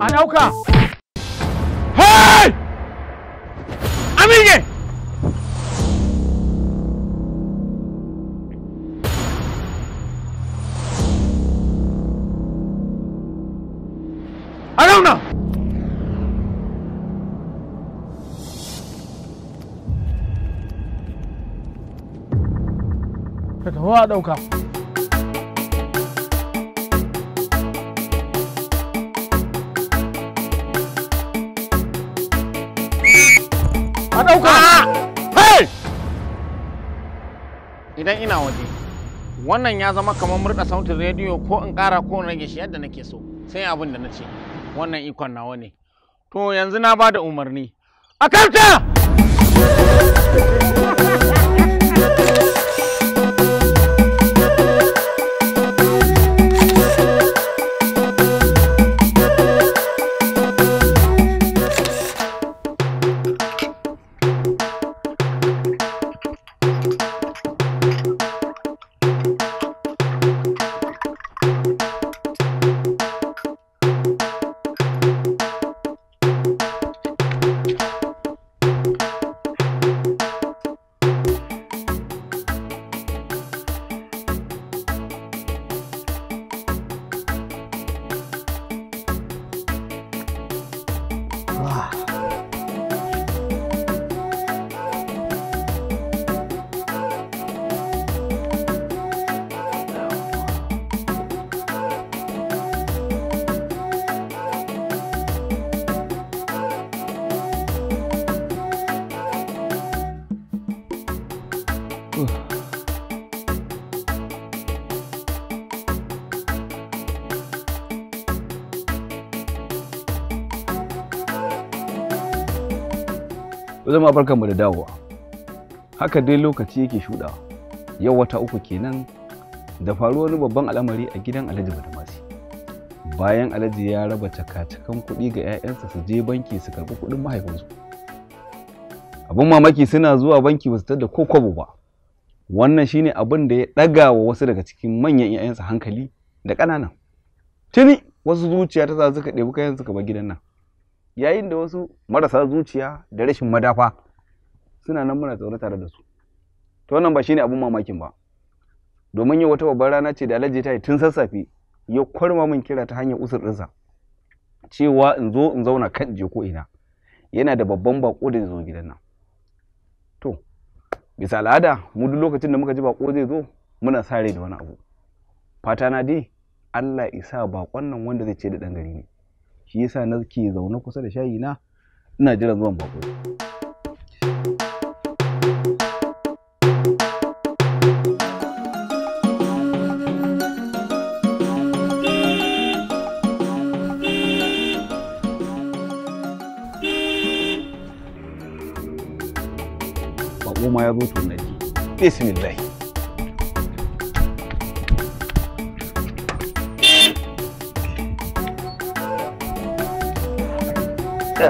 Anh Úc à Hey Anh đi kìa Anh Úc nào Thật hóa đâu không a ah! hey idan ina waje wannan ya zama kamar murɗa sautin rediyo ko in ƙara ko in rage shi yadda nake so sai abin da na ce wannan ikon nawa ne to yanzu na ba da umarni a karta zama barkanmu da dawowa haka dai lokaci yake shuɗawa yau wata uku kenan da faru wani babban al'amari a gidan alhaji badamasi bayan alhaji ya raba cakacakan kuɗi ga 'ya'yansa su je banki su karɓi kuɗin mahaifinsu abin mamaki suna zuwa banki ba su tada ko kwabo ba wannan shine abin da ya ɗaga wa wasu daga cikin manyan 'ya'yansa hankali da ƙananan tuni wasu zuciya ta sa suka ɗebi kayan suka bar gidan nan yayin da wasu marasa zuciya da rashin madafa suna nan muna tsaure tare da su to wannan ba shine abun mamakin ba domin yau wata babbar rana ce da alhaji ta yi tun sassafe ya kwarma min kira ta hanyar usur ɗinsa cewa in zo in zauna kan je ko ina yana da babban bako da zo gidan nan to bisa al'ada mu duk lokacin da muka ji bako zai zo muna sare da wani abu fata na dai Allah isa bakon nan wanda zai ce da dan gari ne shi yasa na ke zaune kusa da shayi na ina jiran zuwan bako Bako ya zo tunani. Bismillah. Ugh.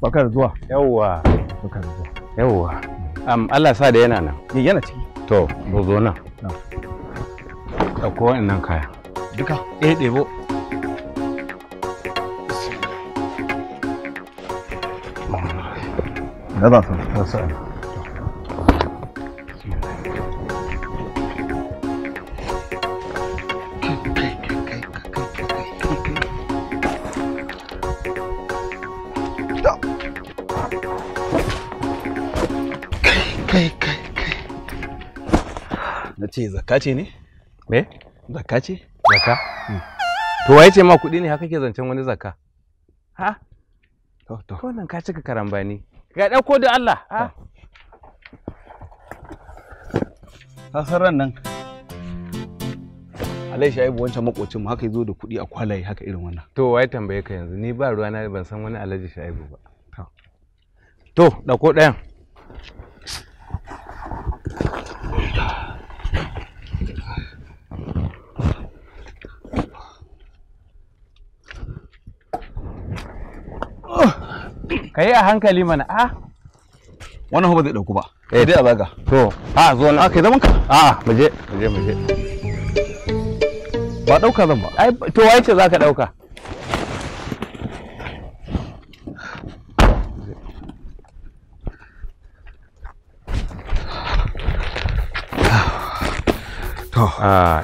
Bakar zuwa. Yawwa. Bakar zuwa. Yawwa. Um, Allah sa da yana nan. Eh, yana ciki. To, zo zo nan. Ah. Ɗauko nan kaya. Duka? Eh, ɗebo. Hmm. Neden tanıştın? na ce zaka ce me? zaka zaka to waye ce ma kuɗi ne haka wani zaka ha? to to wannan ka cika karambani Ga ɗauko da Allah. ran nan. Alai Shaibu wancan makocin mu haka zo da kuɗi a kwalaye haka irin wannan. To wai tambaye ka yanzu ni ba ruwa na ban san wani Alhaji Shaibu ba. To, ɗauko ɗayan. ka yi a hankali mana a ah. wannan ba zai dauku ba eh dai a zaga to a ah, zo na ah, kai zaman ka a mu je mu je mu je ba dauka zan ba ai to wai ce zaka dauka To.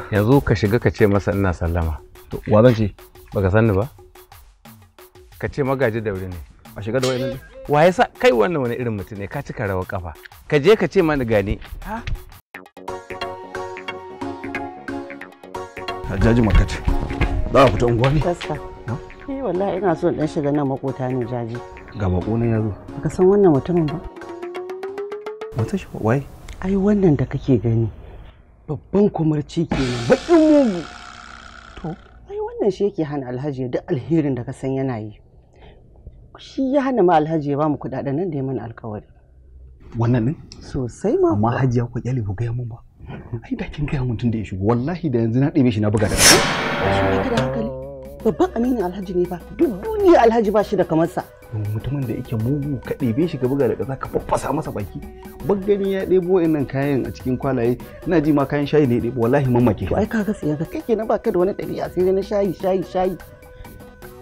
yanzu ka shiga ka ce masa ina sallama. To, wa zan ce? Baka sani ba? Ka ce magaji wuri ne. a shiga da wayannan wa yasa kai wannan wani irin mutum ne ka cika rawar kafa ka je ka ce mana gane ha Hajjaji Makat za a fita unguwa ne? tasta Eh wallahi ina so dan shiga nan makota ne jaji. Ga bako ne yazo. Baka san wannan mutumin ba? Wata shi wai? Ai wannan da kake gani babban kumarci kenan bakin mugu. To ai wannan shi yake hana Alhaji duk alherin da ka san yana yi. shi ya hana ma alhaji ya ba mu kudaden nan da ya mana alkawari wannan ne sosai ma amma ya ku kyale ku gaya mun ba ai da kin gaya mutum da ya shigo wallahi da yanzu na ɗebe shi na buga da shi ne da hankali babban aminin alhaji ne ba duk duniya alhaji ba shi da kamar sa mutumin da yake mugu ka ɗebe shi ka buga da ƙasa ka faffasa masa baki baggani ya ɗebo nan kayan a cikin kwalaye ina ji ma kayan shayi ne ya ɗebo wallahi mamaki ai ka ga sai ka kake na baka da wani ɗabi'a sai na shayi shayi shayi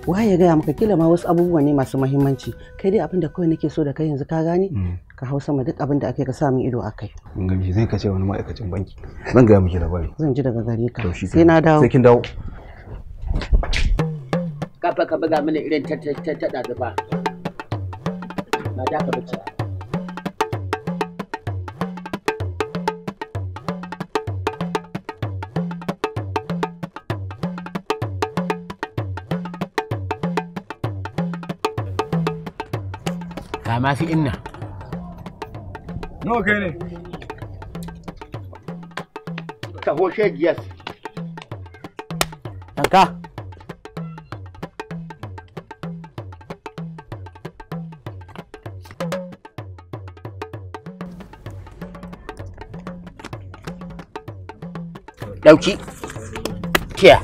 waye ya gaya maka kila ma wasu abubuwa ne masu mahimmanci kai dai abin da kawai nake so da kai yanzu ka gane mm. ka hau sama duk abin da ake ka sa min ido akai mun ga me zai kace wani ma'aikacin banki zan ga miki labari zan ji daga gare ka sai na dawo sai kin dawo kafa ka buga mini irin ta ta ta da ba na da ka bace a masu inna nawa kai ne taho ɗauki kiya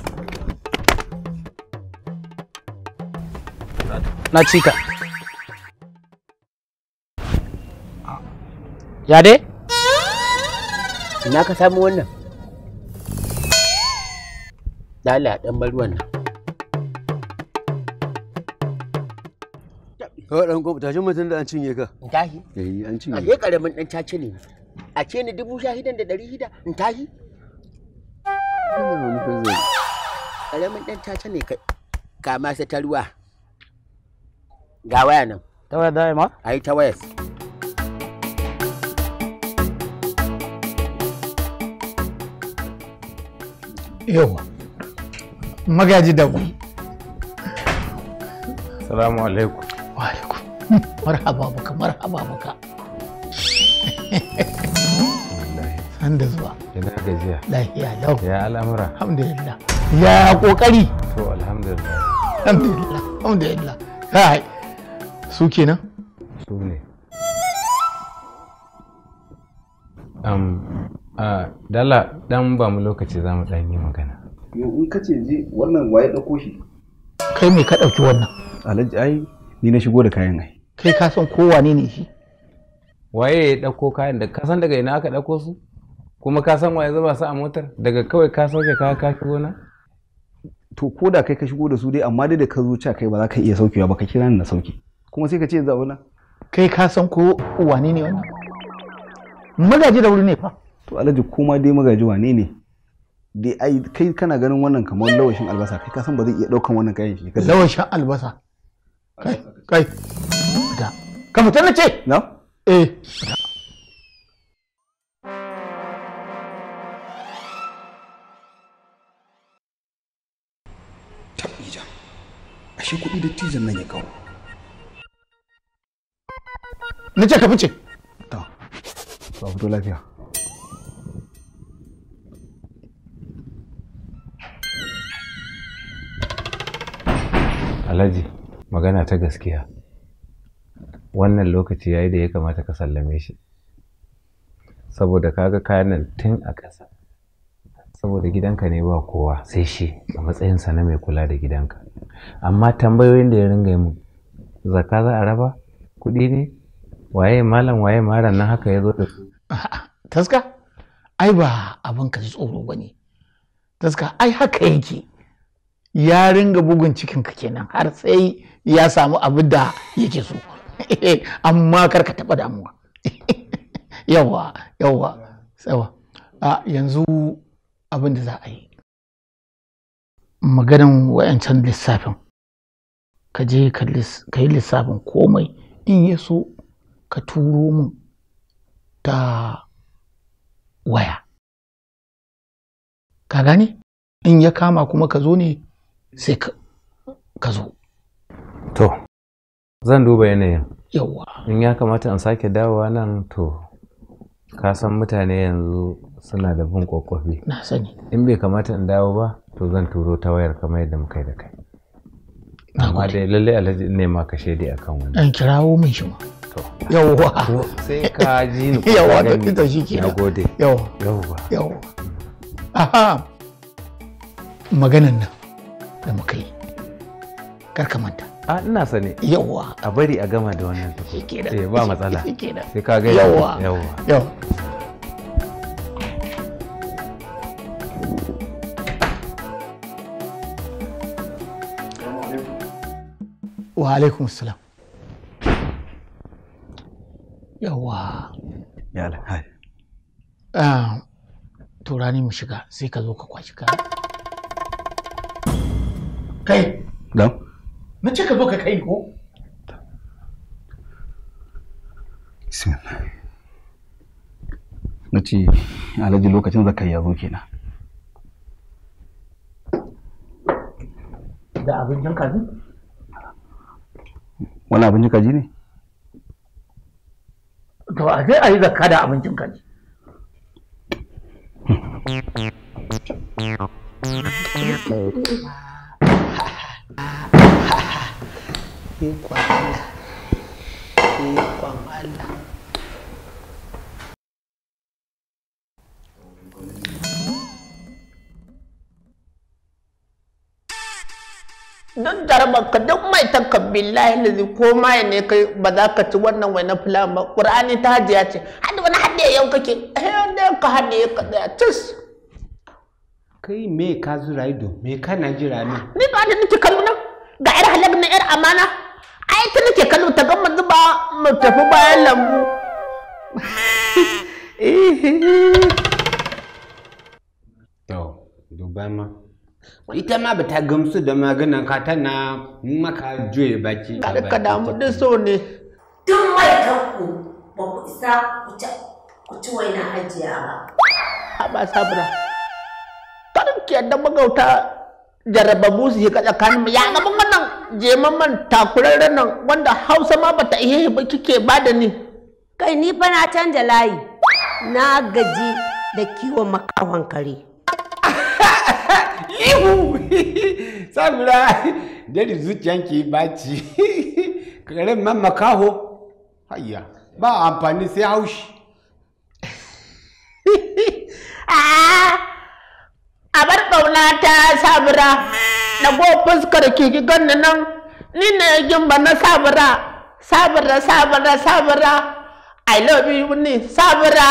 na cika ya dai ina ka samu wannan dala ɗan bar wannan kawai dan gwamnati tashin mutum da an cinye ka in tahi eh an cinye a karamin dan caci ne a ce ni dubu shahidan da ɗari hida in tashi. Ƙaramin ɗan caci ne ka kama sa ta ruwa ga waya nan ta waya da ma ta yau magaji da salamu alaikum wa alaikum marhaba baka marhaba baka an da zuwa ina gajiya lafiya lau ya al'amura alhamdulillah ya kokari to alhamdulillah alhamdulillah alhamdulillah kai su kenan su ne dala dan ba mu lokaci za mu ɗan yi magana Yo in ka ce je wannan waye ɗauko shi kai me ka ɗauki wannan alhaji ai ni na shigo da kayan ai kai ka san ko wane ne shi waye ya ɗauko kayan da ka san daga ina aka ɗauko su kuma ka san waye zuba su a motar daga kawai ka sauke ka ka shigo na to ko da kai ka shigo da su dai amma dai da ka zo ca kai ba za ka iya saukewa ba ka kira ni na sauke kuma sai ka ce zauna kai ka san ko wane ne wannan magaji da wuri ne fa to alhaji kuma dai magaji wane ne dai ai kai kana ganin wannan kamar lawashin albasa kai kasan ba zai iya daukan wannan kayan shi lawashin albasa kai kai da ka fita na ce na eh tabija ashe kuɗi da tizan nan ya kawo na ce ka fice ta ba fito lafiya alhaji magana ta gaskiya wannan lokaci yayi da ya kamata ka sallame shi saboda kaga kayan nan tun a ƙasa saboda gidanka ne ba kowa sai shi a matsayinsa na mai kula da gidanka amma tambayoyin da ya ringa mu zaka za a raba kuɗi ne waye malam waye maran nan haka ya zo da taska ai ba abin ka tsoro ba ne taska ai haka yake ya ringa bugun cikin ka kenan har sai ya samu abin da yake so amma kar ka taɓa damuwa yawa yawa tsawa a yanzu abin da za a yi maganin wa'yancan lissafin ka je ka yi lissafin komai in ya so ka turo mun ta waya ka gane in ya kama kuma ka zo ne sai ka zo to zan duba yanayin yawa in ya kamata in sake dawowa nan to ka san mutane yanzu suna da bin kwakwafi na sani in bai kamata in dawo ba to zan turo ta wayar kamar yadda muka yi da kai amma dai lallai alhaji ne ma ka shaidi akan wani an kirawo min shi ma yawwa sai ka ji ni yawwa to ita shi ke yawwa yawwa aha maganan nan da muka yi karka manta a ina sane yawa a bari a gama da wannan tafi eh ba matsala sai ka ga yawa yawa yawa wa alaikum salam yawa ya alhaji ah, turani mu shiga sai ka zo ka kwashi kayan Kai. Dan. Na ce ka zo ka kai ni ko? Bismillah. Na ce alhaji lokacin zakai ya zo kenan. Da abincin kaji? Wani abincin kaji ne? To a zai a yi zakka da abincin kaji. you. Don Allah ikon Allah duk darbanka duk mai tankan billahi lazi ko maye ne kai ba za ka ci wannan wai na filan ba ƙura'ani ta hajiya ce hadi wani haɗe yau kake eh ka hadiya ka tsaya tis kai me ka zura ido me ka na jira ne ni ba da nake kallo nan ga yar halal na yar amana ai ta nake kallo ta ga mun zuba mu tafi bayan lambu to duba ma ita ma ba ta gamsu da maganan ka tana maka juye baki ba ka damu da so ne tun mai kanku ba ku isa ku ci waina ajiya ba ba sabra ke yadda magauta jarababu su shiga tsakaninmu ya gaban wannan jeman man takurarren nan wanda hausa ma bata ihe ba kike ba da ni kai ni fa na canja layi na gaji da kiwon makawan kare ihu sabira dare zuciyanki baci kare man makaho hayya ba amfani sai haushi ah a bar ɓauna ta sabura na go fuskar ki ki ganni nan ni ne ba na sabura sabura sabura sabura i love you ni sabura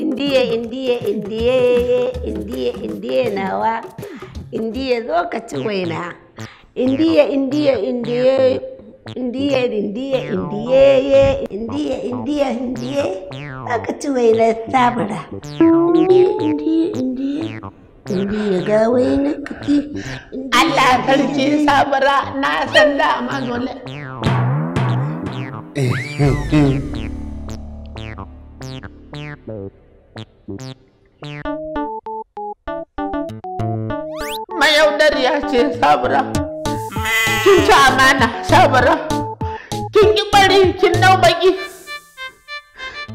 indiye indiye indiye indiye indiye nawa indiye zo ka ci waina indiye indiye indiye indiye indiye indiye indiye indiye indiye ka ci waina sabura indiye indiye indiye tambi ya ga wai na kake Allah sarki sabara na san da amazole mayaudar ya ce sabara kin ci amana sabara kin yi bari kin nau baki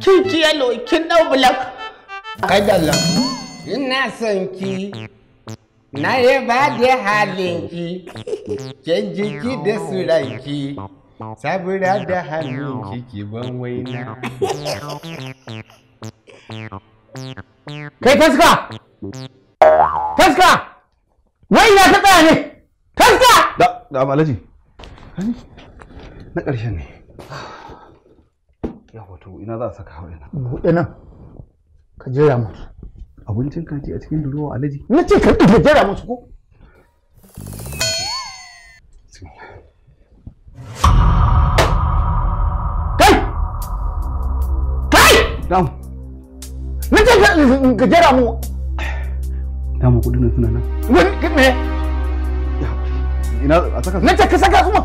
kin ci yalo kin nau bulak kai da Allah ina son ki na ba da halinki kin jiki da suranki sabura da halin ki ban waina kai taska taska waina ta tsaya ne taska da da alaji na ƙarshen ne ya hoto ina za a saka hau ina buɗe nan ka jera mutu abincin kaji a cikin durowa alaji na ce karɓi da jera musu ko kai kai damu na ce ka jera mu dama kudin suna nan wani me ina a saka na ce ka saka su ma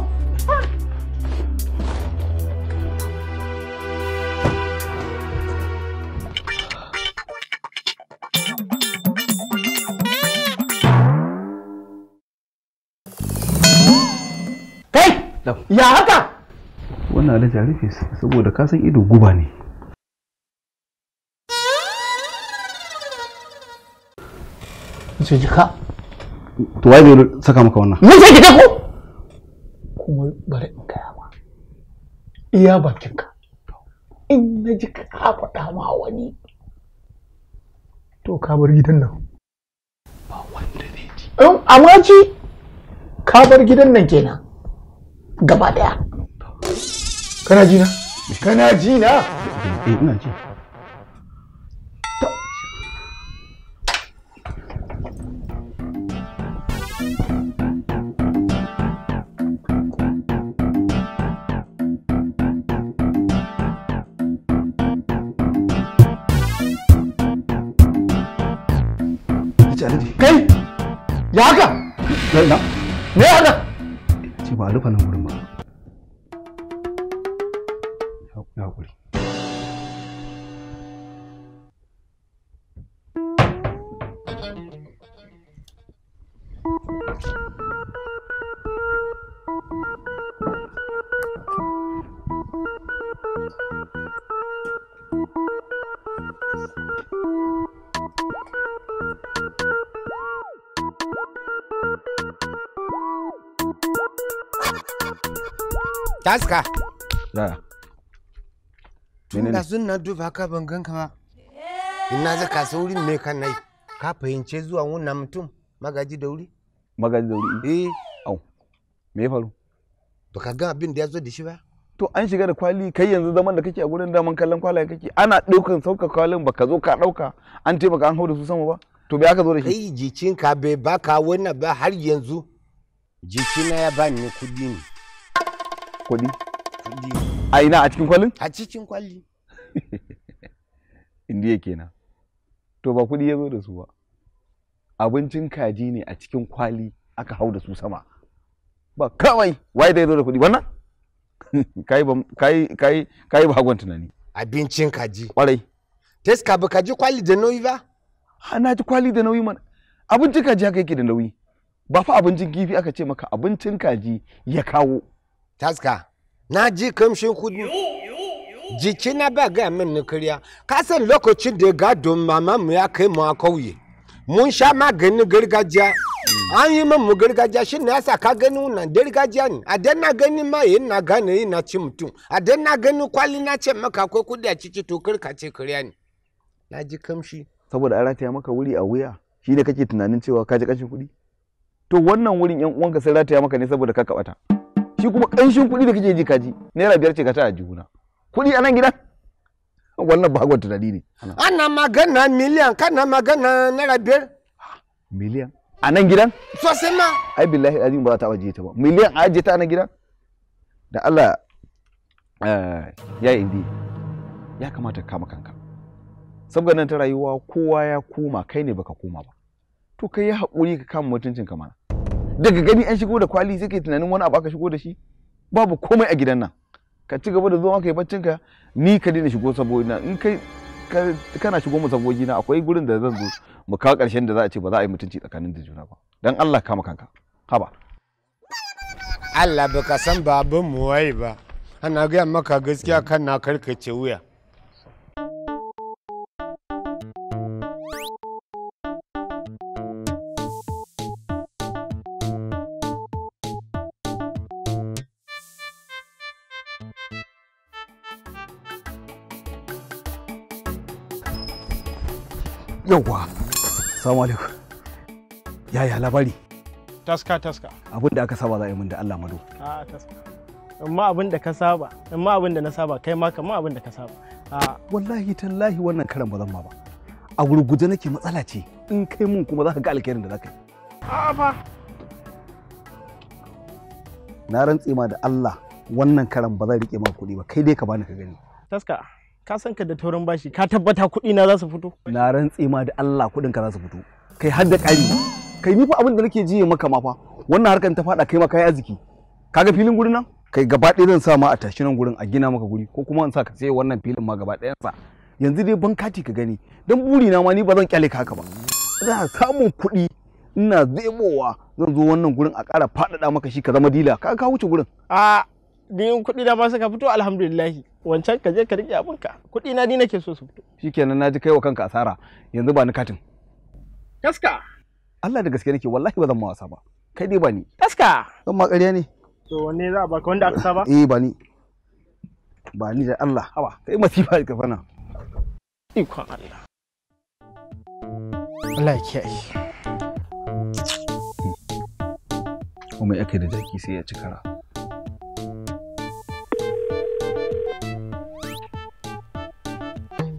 ya haka wannan da a saboda ka san ido guba ne sai jika to wai bai saka maka wannan mun sai jika ko kuma bari in kaya ba. iya bakinka in na ji ka faɗa ma wani to ka bar gidan nan ba wanda zai ji amma ci ka bar gidan nan kenan gaba daya kana ji na kana ji na eh ina ji kai ya haka Aska. Da. Tun da sun na duba ka ban ganka ba. ina na ji kasa wurin me kan nai. Ka fahimce zuwa wannan mutum magaji da wuri? Magaji da wuri? Eh. Au. Me ya faru? Ba ka ga abin da ya zo da shi ba? To an shiga da kwali kai yanzu zaman da kake a gurin daman kallon kwalaye kake ana ɗaukan sauka kwalin ba ka zo ka ɗauka an ka an hau da su sama ba? To bai aka zo da shi? Kai jikinka bai baka wannan ba har yanzu. Jikina ya bani kuɗi ne. kuɗi a ina a cikin kwalin a cikin kwalli indiya kenan to ba kuɗi ya zo da su ba abincin kaji ne a cikin kwali aka hau da su sama ba kawai wai da ya zo da kuɗi wannan kayi ba hagon tunani abincin kaji kwarai teska ba kaji kwali da nauyi ba ha na ji kwali da nauyi man abincin kaji haka yake da nauyi ba fa abincin kifi aka ce maka abincin kaji ya kawo taska na ji kamshin kudu jiki na ba gaya min na karya ka san lokacin da gado mama mu ya kai mu a kauye mun sha maganin gargajiya mm. an yi min mu gargajiya shi na yasa ka gani wannan gargajiya ne a dan na gani ma yin na gane yin na ci mutum a dan na gani kwali na ce maka akwai kudi a ciki to karka ce karya ne na ji kamshi saboda an rataya maka wuri a wuya shi ne kake tunanin cewa ka ji kashin kudi to wannan wurin yan uwanka sun rataya maka ne saboda ka kaɓata. shi kuma ƙanshin kuɗi da kake ji kaji naira biyar ce ka ta a juna kuɗi a nan gidan wannan ba gwata dalili ne ana magana miliyan kana magana naira biyar miliyan a nan gidan sosai ma ai billahi azim ba za ta waje ta ba miliyan a ajiye ta a nan gidan da Allah eh, ya indi ya kamata ka kama kanka saboda nan ta rayuwa kowa ya koma kai ne baka koma ba to kai ya haƙuri ka kama mutuncin ka mana daga gani an shigo da kwali sai ka tunanin wani abu aka shigo da shi babu komai a gidan nan ka ci gaba da zuwa kai baccin ka ni ka dina shigo saboda na in kai kana shigo mu saboda na akwai gurin da zan zo mu kawo karshen da za a ce ba za a yi mutunci tsakanin da juna ba dan Allah kama kanka haba Allah baka san baban mu wai ba ana ga maka gaskiya kan na karkace wuya yawwa salamu alaikum yaya labari taska taska abin da aka saba za a yi min da Allah mado a taska amma abin da ka saba amma abin da na saba kai ma kamar abin da ka saba wallahi tallahi wannan karan ba zan ma ba a gurguje nake matsala ce in kai mun kuma za ka ga alkhairin da za ka yi a na rantse ma da Allah wannan karan ba zan rike ma kuɗi ba kai dai ka bani ka gani taska ka san ka da taurin bashi ka tabbata kuɗi na za su fito na rantse ma da Allah kuɗin ka za su fito kai har da ƙari kai ni fa abin da nake ji maka ma fa wannan harkar ta fada kai ma kai arziki kaga filin gurin nan kai gaba ɗaya zan sa ma a tashi nan gurin a gina maka guri ko kuma in sa ka sai wannan filin ma gaba ɗayan sa yanzu dai ban kati ka gani dan buri na ma ni ba zan kyale ka haka ba ina samun kuɗi ina zebowa zan zo wannan gurin a ƙara faɗaɗa maka shi ka zama dila ka ka wuce gurin a da yin kuɗi da ba suka fito alhamdulillahi wancan ka je ka rike ka kuɗi na ni nake so su fito shikenan na ji kai wa kanka asara yanzu ba ni katin kaska Allah da gaske nake wallahi ba zan ma wasa ba kai dai ba ni kaska zan ma ƙarya ne to wanne za a baka wanda aka saba eh ba ni ba ni da Allah hawa kai masifa ka fana ikon Allah Allah ya kiyaye kuma ya da jaki sai ya ci kara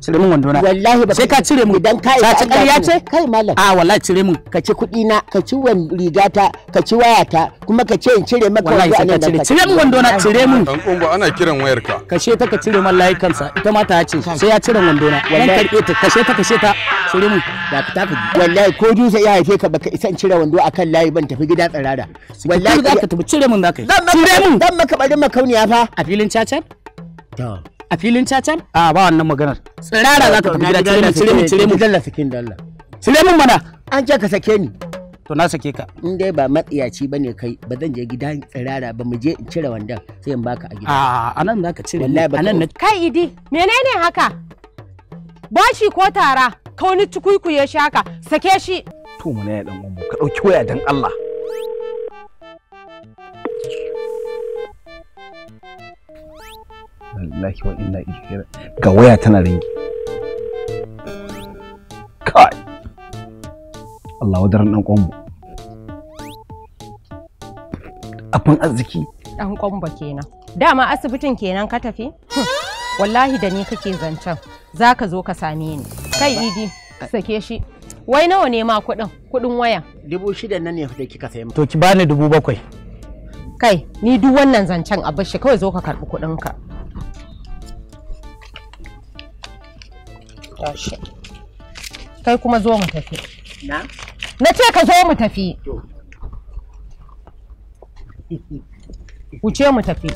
cire min wandona wallahi ba sai ka cire min idan ka isa ƙarya ce kai mallam a ah, wallahi cire min ka ci kuɗi na ka ci wan rigata ka ci waya ta. kuma ka ce in cire maka wallahi sai ka cire cire min wandona cire min dan kungo ana kiran wayar ka kashe ta ka cire min kansa sa ita ma ta ce sai ya cire wandona wallahi karbe ta kashe ta kashe ta cire min da fita ka wallahi ko jusa ya haife ka baka isa in cire wando akan layi ban tafi gida tsirara wallahi za ka tafi cire min za ka yi cire min dan maka bari makauniya fa a filin cacar to a filin caca. a ba wannan maganar tsirara za ka tafi gida cire cire mu cire mu dalla sakin dalla cire mun mana an ce ka sake ni to na sake ka in dai ba matsiyaci bane kai ba zan je gidan tsirara ba mu je in cire wandan sai in baka a gida a anan zaka cire wallahi ba anan kai idi menene haka bashi ko tara ka wani tukuikuye shaka sake shi to mu ne dan ka dauki waya dan Allah lillahi wa inna ilaihi ga waya tana ringi kai Allah wadar dan kwambo afan arziki dan kwambo kenan dama asibitin kenan ka tafi hm. wallahi da ni kake zancen zaka zo ka same ni kai idi sake shi wai nawa ne ma kuɗin kuɗin waya dubu shida nan ne da kika sayi to ki bani dubu bakwai kai ni duk wannan zancen a bashi kawai zo ka karɓi kuɗinka tashi kai kuma zo mu tafi na na ce ka zo mu tafi wuce mu tafi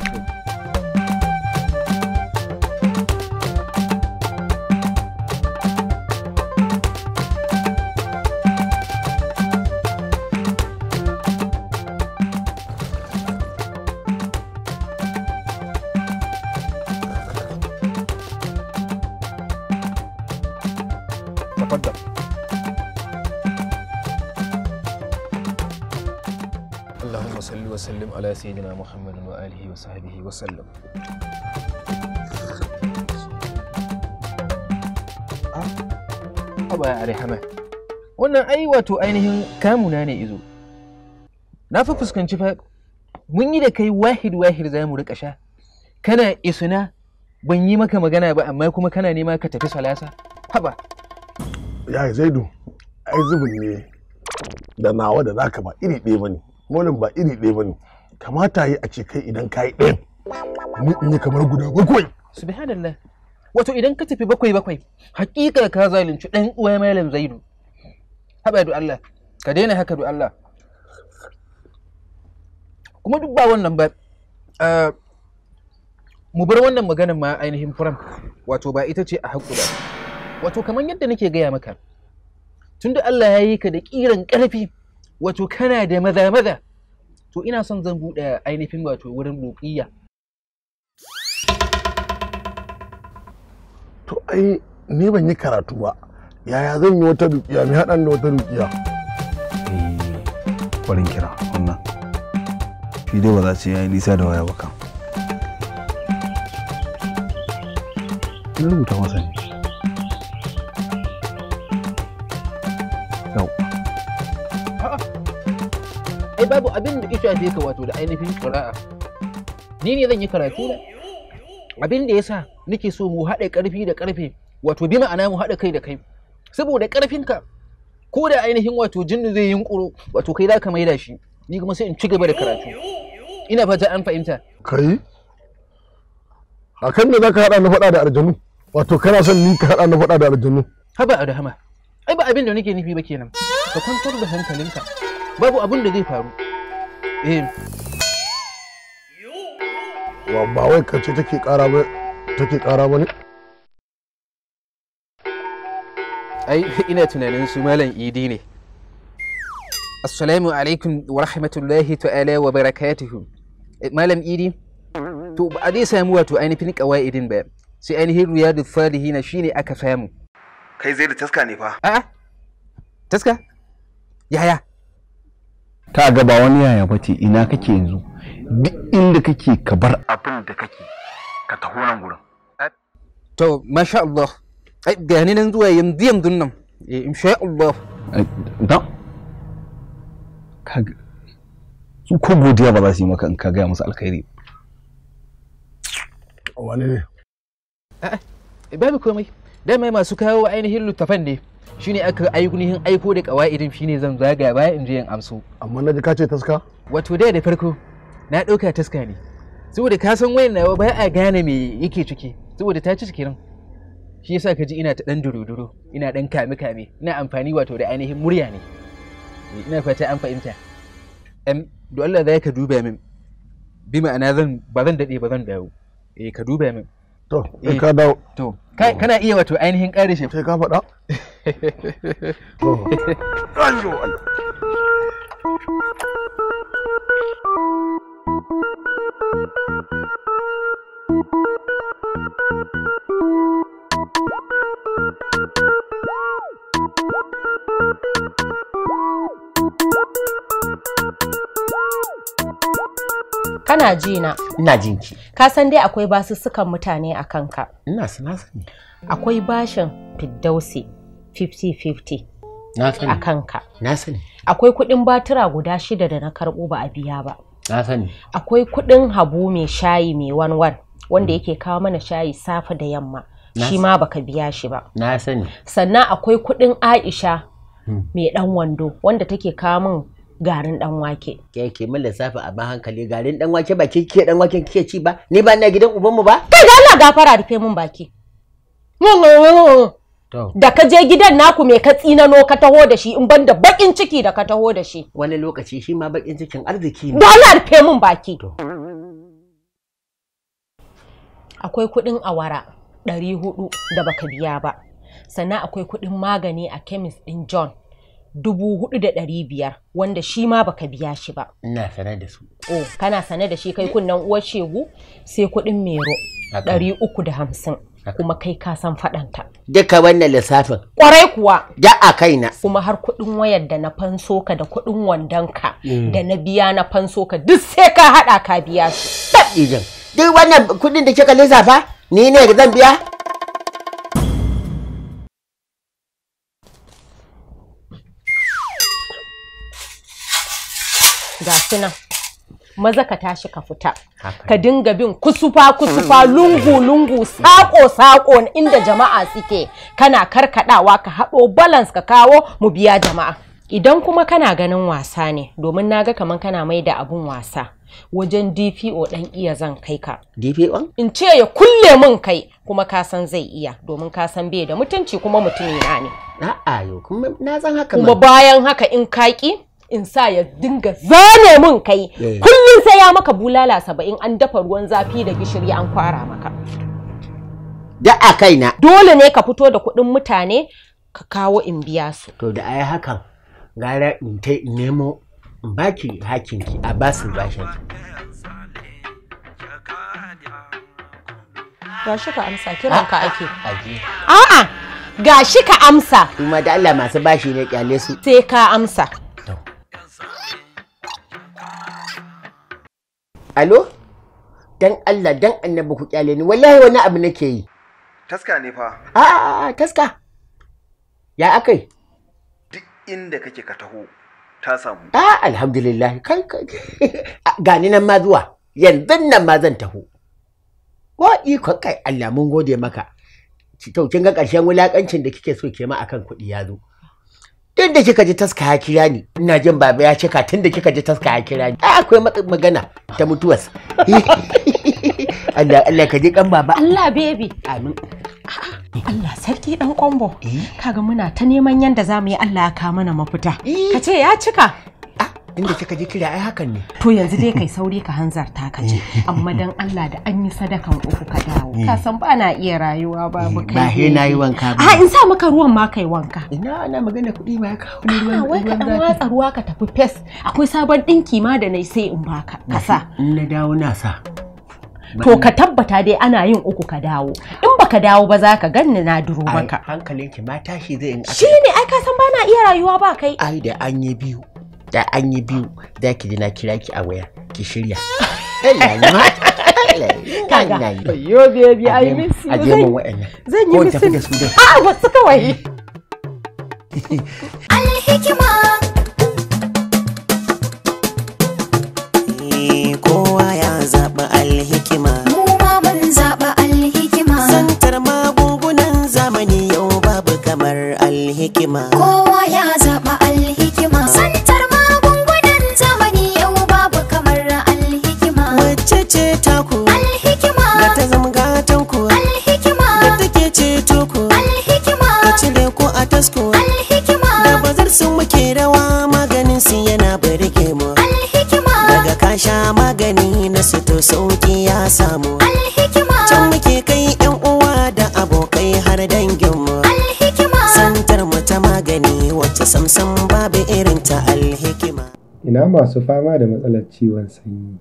sayyidina Muhammadin wa alihi wa sahbihi wa sallam. Ah, Wannan ai wato ainihin kamuna ne izo. Na fi fuskanci fa mun yi da kai wahid wahid za mu riƙa sha. Kana isuna ban yi maka magana ba amma kuma kana nema ka tafi salasa. Haba. Ya Zaidu, ai zubin ne da nawa da naka ba iri ɗaya bane. Molin ba iri ɗaya bane. kamata yi a ce kai idan ka yi ɗayan ni in yi kamar guda bakwai subhanallah wato idan ka tafi bakwai bakwai hakika ka zalunci ɗan uwa malam zaidu haɓa du Allah ka daina haka du Allah kuma duk ba wannan ba mu bar wannan maganar ma ainihin furan wato ba ita ce a haƙu wato kamar yadda nake gaya maka tunda Allah ya yi ka da ƙiran ƙarfi wato kana da maza maza to ina son zan buɗe ainihin wato wurin ruƙiya to ai ni ban yi karatu ba yaya zan yi wata ruqiyya mai haɗan da wata ruqiyya kwarin eh, kira wannan shi ba za ce ya yi nisa da waya ba kan rubuta masani. ai babu abin da ya shafe ka wato da ainihin ƙira'a ni ne zan yi karatu da? abin da yasa nake so mu haɗa ƙarfi da ƙarfe wato bi ma'ana mu haɗa kai da kai saboda ƙarfinka ko da ainihin wato jinnu zai yunƙuro wato kai za ka maida shi ni kuma sai in ci gaba da karatu ina fata an fahimta kai kan da za ka haɗa na faɗa da aljanu wato kana son ni ka haɗa na faɗa da aljanu haba a rahama ai ba abin da nake nufi ba kenan ka kwantar da hankalinka babu abin da zai faru eh wa ba wai kace take kara ba take kara ba ne ai ina tunanin su malam idi ne assalamu alaikum wa rahmatullahi ta'ala wa barakatuhu eh, malam idi to ba dai samu wato ainihin qawaidin ba sai ainihin riyadu salihin shine aka samu kai zai da taska ne fa a'a taska yaya ta ga ba wani yaya ba ce ina kake yanzu duk inda kake ka bar abin da kake ka taho nan gurin to masha Allah ai gani nan zuwa yanzu yanzu nan eh, insha Allah da kaga su ko godiya ba za su yi maka in ka gaya musu alkhairi wani ne a'a eh, eh, babu komai dai mai masu kawo ainihin littafan ne shine aka ainihin aiko da kawa'idin shine zan zaga baya in je yin amso amma na ji ka ce taska wato dai da farko na ɗauka taska ne saboda ka san wayan nawa ba a gane me yake ciki saboda ta ci cikin shi yasa ka ji ina ta dan duruduru ina dan kame kame ina amfani wato da ainihin murya ne eh, ina fata an fahimta em do Allah zai ka duba min bi ma'ana zan ba zan dade ba zan dawo eh ka duba min to in ka dawo to kai kana iya wato ainihin ƙare shi sai ka faɗa Thank you. Kana ji na? Ina jin ki. Ka san dai akwai basussukan mutane a kanka. Ina na sani. Akwai bashin fiddausi 50-50. Na sani. A kanka. Na sani. Akwai kuɗin batura guda shida da na karɓo ba a biya ba. Na sani. Akwai kuɗin habu mai shayi mai wanwan wanda mm. yake kawo mana shayi safe da yamma. shi ma baka biya shi ba. Na sani. Sannan akwai kuɗin Aisha mai hmm. dan wando wanda take kawo min garin dan wake. Ke ke min lissafi a hankali garin dan wake ba ke ke dan wake ke ci ba ni ba na gidan mu ba. Kai ga Allah gafara rufe min baki. Da ka je gidan naku me ka tsinano ka taho da shi in ban da bakin ciki da ka taho da shi. Wani lokaci shi ma bakin cikin arziki ne. Da Allah rufe min baki. Akwai kuɗin awara ɗari hudu da baka biya ba. Sannan akwai kuɗin magani a kemis ɗin John dubu hudu da ɗari biyar wanda shi ma baka biya shi ba. Ina sane da su. Oh, kana sane da shi kai kunnen uwar shegu sai kuɗin mero ɗari uku da hamsin. Kuma kai ka san faɗanta. Duka wannan lissafin. Ƙwarai kuwa. Da a kaina. Kuma har kuɗin wayar da na fanso ka da kuɗin wandon ka mm. da na biya na fanso ka duk sai ka haɗa ka biya su. Duk wannan kuɗin da kika lissafa ni ne zan biya? ga nan maza ka tashi ka fita ka dinga bin kusufa kusufa hmm. lungu lungu sako sako inda jama'a suke kana karkadawa ka haɗo balance ka kawo mu biya jama'a idan kuma kana ganin wasa ne domin naga kaman kana mai da abun wasa wajen dpo dan iya zan kai ka dpo in ce ya kulle mun kai kuma ka san zai iya domin ka san bai da mutunci kuma mutumina ne na ayo kuma na san haka kuma bayan haka in ka kaki in sa ya dinga zane mun kai eh. kullum sai ya maka bulala saba'in an dafa ruwan zafi da gishiri an kwara maka da a kaina dole ne ka fito da kuɗin mutane ka kawo in biya su to da ai hakan gara in ta nemo in baki hakinki a basu bashin gashi ka amsa ah, kiran ka ake a'a gashi ka amsa kuma da Allah masu bashi ne kyale su sai ka amsa alo dan Allah dan annabi ku kyale ni wallahi wani abu nake yi taska ne fa a a taska ya akai duk inda kake ka taho ta samu a alhamdulillah kai gani nan ma zuwa yanzu nan ma zan taho ko iko kai Allah mun gode maka to kin ga ƙarshen wulakancin da kike so ke ma akan kuɗi ya zo tun da kika ji taska ya kira ni ina jin baba ya cika tun da kika ji taska ya kira ni ai akwai magana ta mutuwas Allah Allah ka ji kan baba Allah baby amin Allah sarki dan kombo eh? kaga muna ta neman yanda zamu yi Allah ya kawo mana mafita eh? kace ya cika inda kika ji kira ai hakan ne to yanzu dai kai sauri ka hanzarta ka ji eh. amma dan Allah da an yi sadakan uku ka dawo eh. ka san ba na iya rayuwa babu kai eh, ba he yi wanka ba a in sa maka ruwan ma kai wanka ina ana magana kuɗi ma ka wani ruwan wai ka dan watsa ruwa ka tafi fes akwai sabon dinki ma da nayi sai in baka ka sa in na dawo na sa to ka tabbata dai ana yin uku ka dawo in baka dawo ba za ka ganni na duro baka hankalinki ma tashi zai in ne ai ka san bana iya rayuwa ba kai ai da an yi biyu da an yi biyu da ki na kira ki a waya ki shirya zan yi a ah, wasu kawai alhikima eh, kowa ya zaɓi alhikima mu ma mun zaɓi alhikima magungunan zamani yau babu kamar alhikima kowa ya sun muke rawa maganin su yana barike mu alhikima daga kasha magani na su to sauki ya samu alhikima can muke kai yan uwa da abokai har dangin mu alhikima santar mu ta magani wacce samsam babu irin ta alhikima ina masu fama da matsalar ciwon sanyi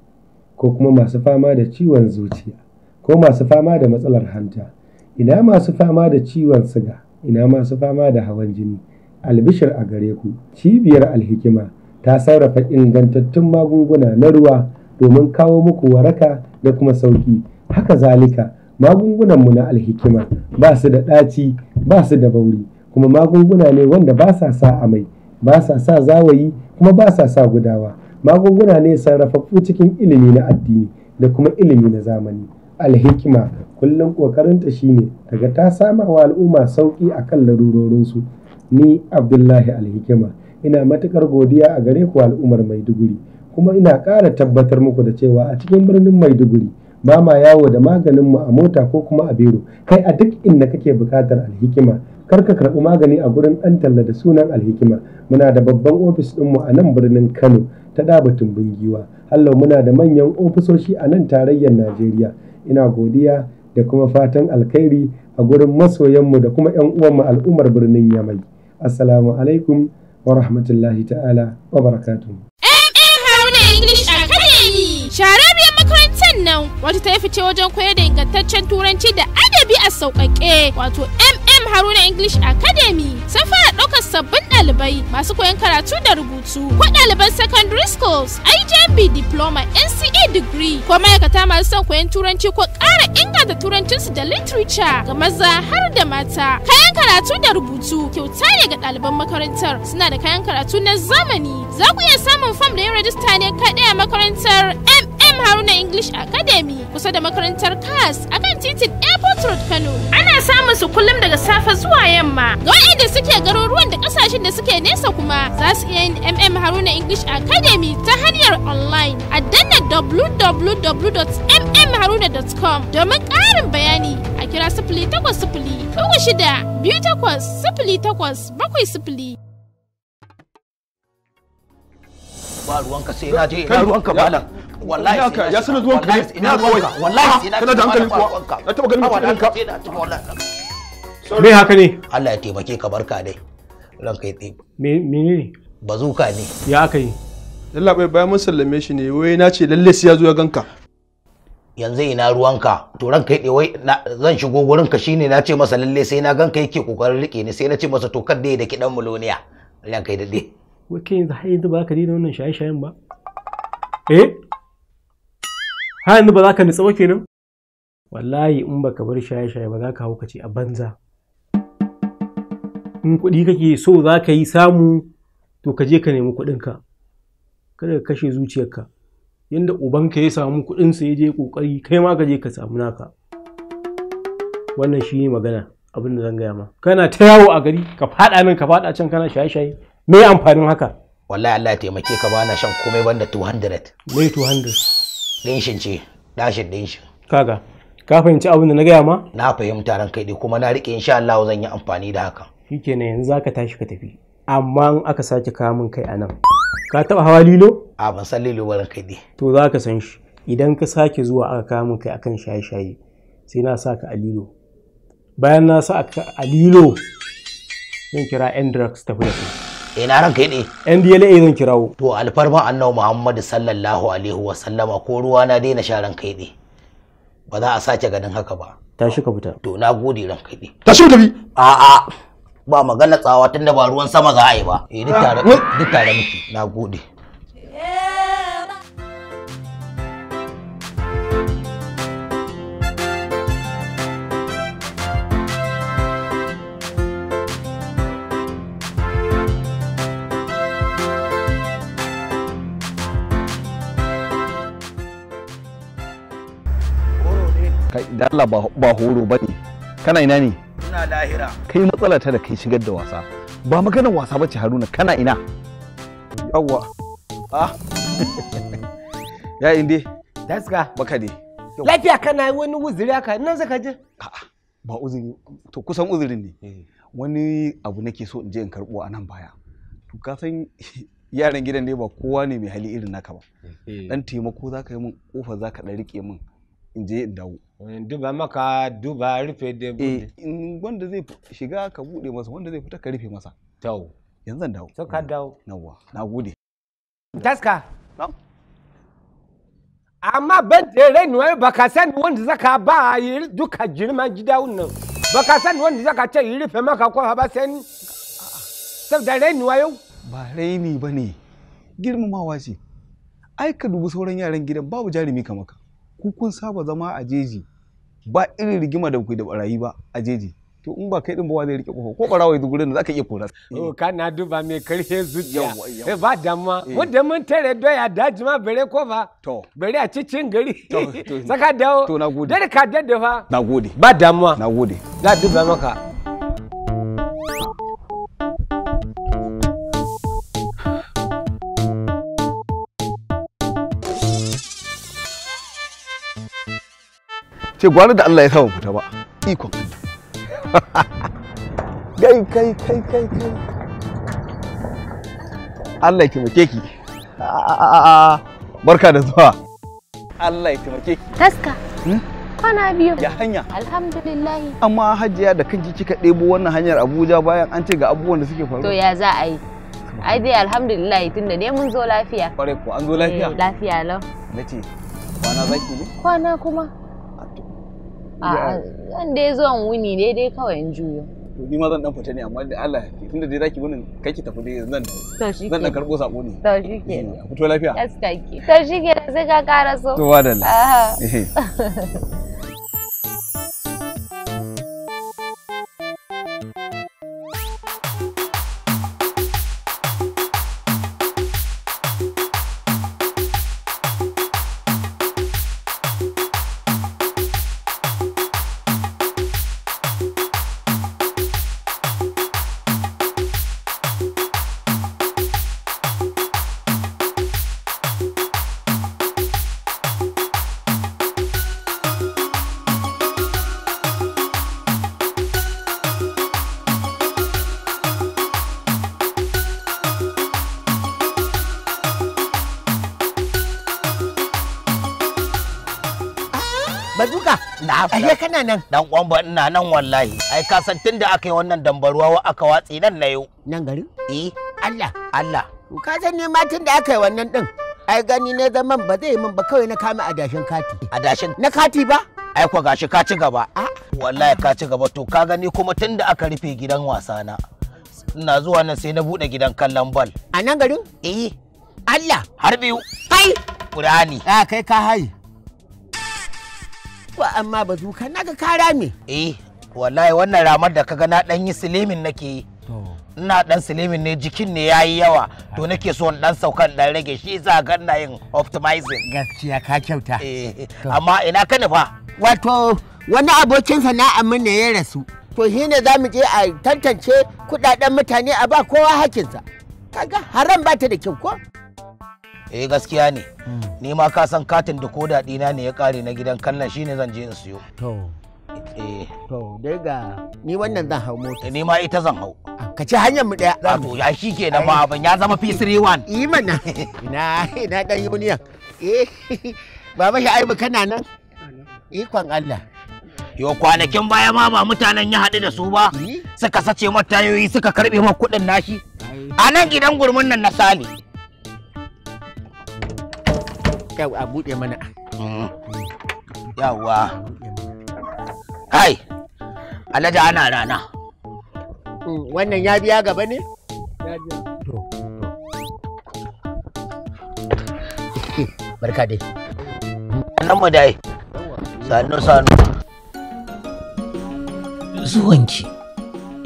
ko kuma masu fama da ciwon zuciya ko masu fama da matsalar hanta ina masu fama da ciwon siga ina masu fama da hawan jini albishir a gare ku cibiyar alhikima ta sarrafa ingantattun magunguna na ruwa domin kawo muku waraka da kuma sauki haka zalika magungunanmu na alhikima ba su da ɗaci ba su da bauri kuma magunguna ne wanda ba sa sa amai ba sa sa zawayi kuma ba sa sa gudawa magunguna ne sarrafaffu cikin ilimi na addini da kuma ilimi na zamani alhikima kullum ƙoƙarinta shine daga ta samawa wa al'umma sauƙi kan larurorinsu ni Abdullahi Alhikima ina matukar godiya a gare ku al'ummar Maiduguri kuma ina ƙara tabbatar muku da cewa a cikin birnin Maiduguri ba ma yawo da maganinmu a mota ko kuma a biro kai a duk inda kake buƙatar alhikima kar ka karɓi magani a gurin ɗan talla da sunan alhikima muna da babban ofis ɗinmu a nan birnin Kano ta Dabatun Bungiwa Allah muna da manyan ofisoshi a nan tarayyar Najeriya ina godiya da kuma fatan alkhairi a gurin masoyanmu da kuma 'yan uwanmu al'ummar birnin Yamai. Assalamu alaikum wa rahmatullahi ta'ala wa barakatuhu. Eh, eh, English Academy! Shahararriyar makaranta sannan wata ta yi fice wajen koyar da ingantaccen turanci da adabi a sauƙaƙe wato MM Haruna English Academy sun fara ɗaukar sabbin ɗalibai masu koyon karatu da rubutu ko ɗaliban secondary schools IJMB diploma NCA e degree ko ma'aikata masu son koyon turanci ko ƙara inganta turancinsu da literature ga maza har da mata kayan karatu da rubutu kyauta ne ga ɗaliban makarantar suna da kayan karatu na zamani za ku iya samun fam da yin rajista ne kaɗai a makarantar MM Haruna English Academy Academy kusa da makarantar CAS kan titin Airport Road Kano. Ana samun su kullum daga safe zuwa yamma. Ga waɗanda suke garuruwan da ƙasashen da suke nesa kuma za su iya yin MM Haruna English Academy ta hanyar online a dannar www.mmharuna.com domin ƙarin bayani a kira sifili takwas sifili uku shida biyu takwas sifili takwas bakwai sifili. ba ruwanka sai na je ina ruwanka malam wallahi ya sanar zuwan kare ina kawai wallahi kana da hankali kuwa na taba ganin mutum ka me haka ne Allah ya taimake ka barka dai ranka ya tsaye me ne bazuka ne ya aka yi Allah bai bayan mun sallame shi ne wai na ce lalle sai ya zo ya ganka yanzu ina ruwanka to kai ya wai zan shigo gurin ka shine na ce masa lalle sai na ganka yake kokarin rike ni sai na ce masa to kar dai da kidan muloniya ranka ya dai. wai kai yanzu har yanzu ba ka daina wannan shaye-shayen ba eh ha yanzu ba za ka nutsa ba kenan wallahi in baka bar shaye-shaye ba za ka hau ce a banza in kuɗi kake so za ka yi samu to ka je ka nemi kuɗinka kada ka kashe zuciyarka yadda ubanka ya samu kuɗin sa ya je kokari kai ma ka je ka samu naka wannan shi ne magana abin da zan gaya ma kana ta yawo a gari ka faɗa nan ka faɗa can kana shaye-shaye me amfanin haka wallahi Allah ya taimake ka bana shan komai banda 200 me 200 Dinshin ce, dashin dinshin. Kaga, ka fahimci abin da na gaya ma? Na fahimta ran kai kuma na riƙe insha Allah zan yi amfani da haka. Shikenan yanzu zaka tashi ka tafi. Amma in aka sake kawo min kai anan. Ka taba hawa lilo? A ban san lilo ba ran kai To zaka san shi. Idan ka sake zuwa aka kawo min kai akan shaye-shaye sai na saka a lilo. Bayan na sa a lilo zan kira 'yan drugs tafi da kai. ina ranka yi NDLA zan kirawo to alfarma annabi Muhammadu sallallahu alaihi wa sallama ko ruwa na daina sha ranka yi ba za a sace ganin haka ba tashi ka fita to na gode ranka yi tashi ka bi a ba magana tsawa tunda ba ruwan sama za a yi ba eh duk tare ah. duk tare miki na gode da Allah ba horo ba ne kana ina ne ina lahira kai matsala ta da kai shigar da wasa ba maganar wasa ba ce haruna kana ina yawwa ah ya inde daska baka ne lafiya kana wani uzuri haka nan zaka je a'a ba uzuri to kusan uzurin ne eh. wani abu nake so in je in karbo a nan baya to ka san yaran gidan ne ba kowa ne mai hali irin naka ba dan eh. taimako zaka yi min kofa zaka dan rike min in je in dawo eh, duba maka duba rufe da bude eh, wanda zai shiga ka bude masa wanda zai fita ka rufe masa to yanzu zan dawo to ka dawo nawa na gode taska amma ban da rainuwa ba ka sani wanda zaka ba yi duka girman gida wannan ba ka sani wanda zaka ce yi rufe maka ko ba sai saboda rainuwa yau ba raini ba ne girmamawa ce ai ka dubi sauran yaran gidan babu jarumi kamar ka ku kun saba zama a jeji ba irin rigima da ku da barayi ba a jeji to in ba kai din ba wa zai rike kofa ko barawa yanzu gurin da zaka iya kora oh, K'a na duba mai karshe zuciya eh ba damma wanda eh. mun tare doya daji ma bare kofa to bare a cikin gari saka dawo to nagode dare ka daddafa nagode ba damma nagode za duba maka ce gwani da Allah ya sa fita ba ikon kai kai kai kai kai Allah ya taimake ki barka da zuwa Allah ya taimake ki taska hmm? kwana biyu ya hanya alhamdulillah amma hajiya da kanki kika ɗebo wannan hanyar Abuja bayan an ce ga abubuwan da suke faruwa to ya za a yi ai dai alhamdulillah tunda dai mun zo lafiya kware ko an zo lafiya eh, lafiya lau nace kwana zaki ne kwana kuma a'a zan dai zuwan wuni ne dai kawai in juyo to ni ma zan dan fita ne amma da Allah tunda dai zaki wani kake tafi dai zan zan dan karbo sako ne to shike fito lafiya yes kake to shike sai ka karaso to wadalla dan kwamba ina nan wallahi ai ka san tunda aka yi wannan dambaruwa wa aka watsi nan na yau nan garin eh Allah Allah ka san ne ma tunda aka yi wannan din ai gani ne zaman ba zai min ba kawai na kame adashin kati adashin na kati ba ai ko gashi ka ci gaba wallahi ka ci gaba to ka gani kuma tunda aka rufe gidan wasa na ina zuwa nan sai na bude gidan kallon bal a nan garin eh Allah har biyu kai kurani a kai ka hayi ba amma bazuka naga ka rame eh wallahi wannan ramar da kaga na dan yi silimin nake yi ina dan silimin ne jikin ne yayi yawa to nake so dan saukan dan rage shi za ga ina yin optimizing gaskiya ka kyauta eh, amma ina ka nufa wato wani abokin sana'a mun ne ya rasu to shi ne za mu je a tantance kudaden mutane a ba kowa hakinsa kaga haram ba ta da kyau ko eh gaskiya ne hmm. ni ma ka san katin da koda dina ne ya kare na gidan kallon shine zan je in siyo to eh to dai ga ni wannan zan hau mota eh, ni ma ita zan hau ka ci hanyar mu daya za to ya shi na ba ban ya zama p31 yi mana ina ina dan union eh baba sha'ibu kana nan ikon Allah yo kwanakin baya ma ba mutanen ya haɗu da su ba suka sace mata yoyi suka karɓe ma kuɗin nashi a nan gidan gurmin nan na sali yau a buɗe mana mm. yawa kai alhaji ana rana mm, wannan ya biya gaba ne barka dai nan mu dai sannu sannu zuwanki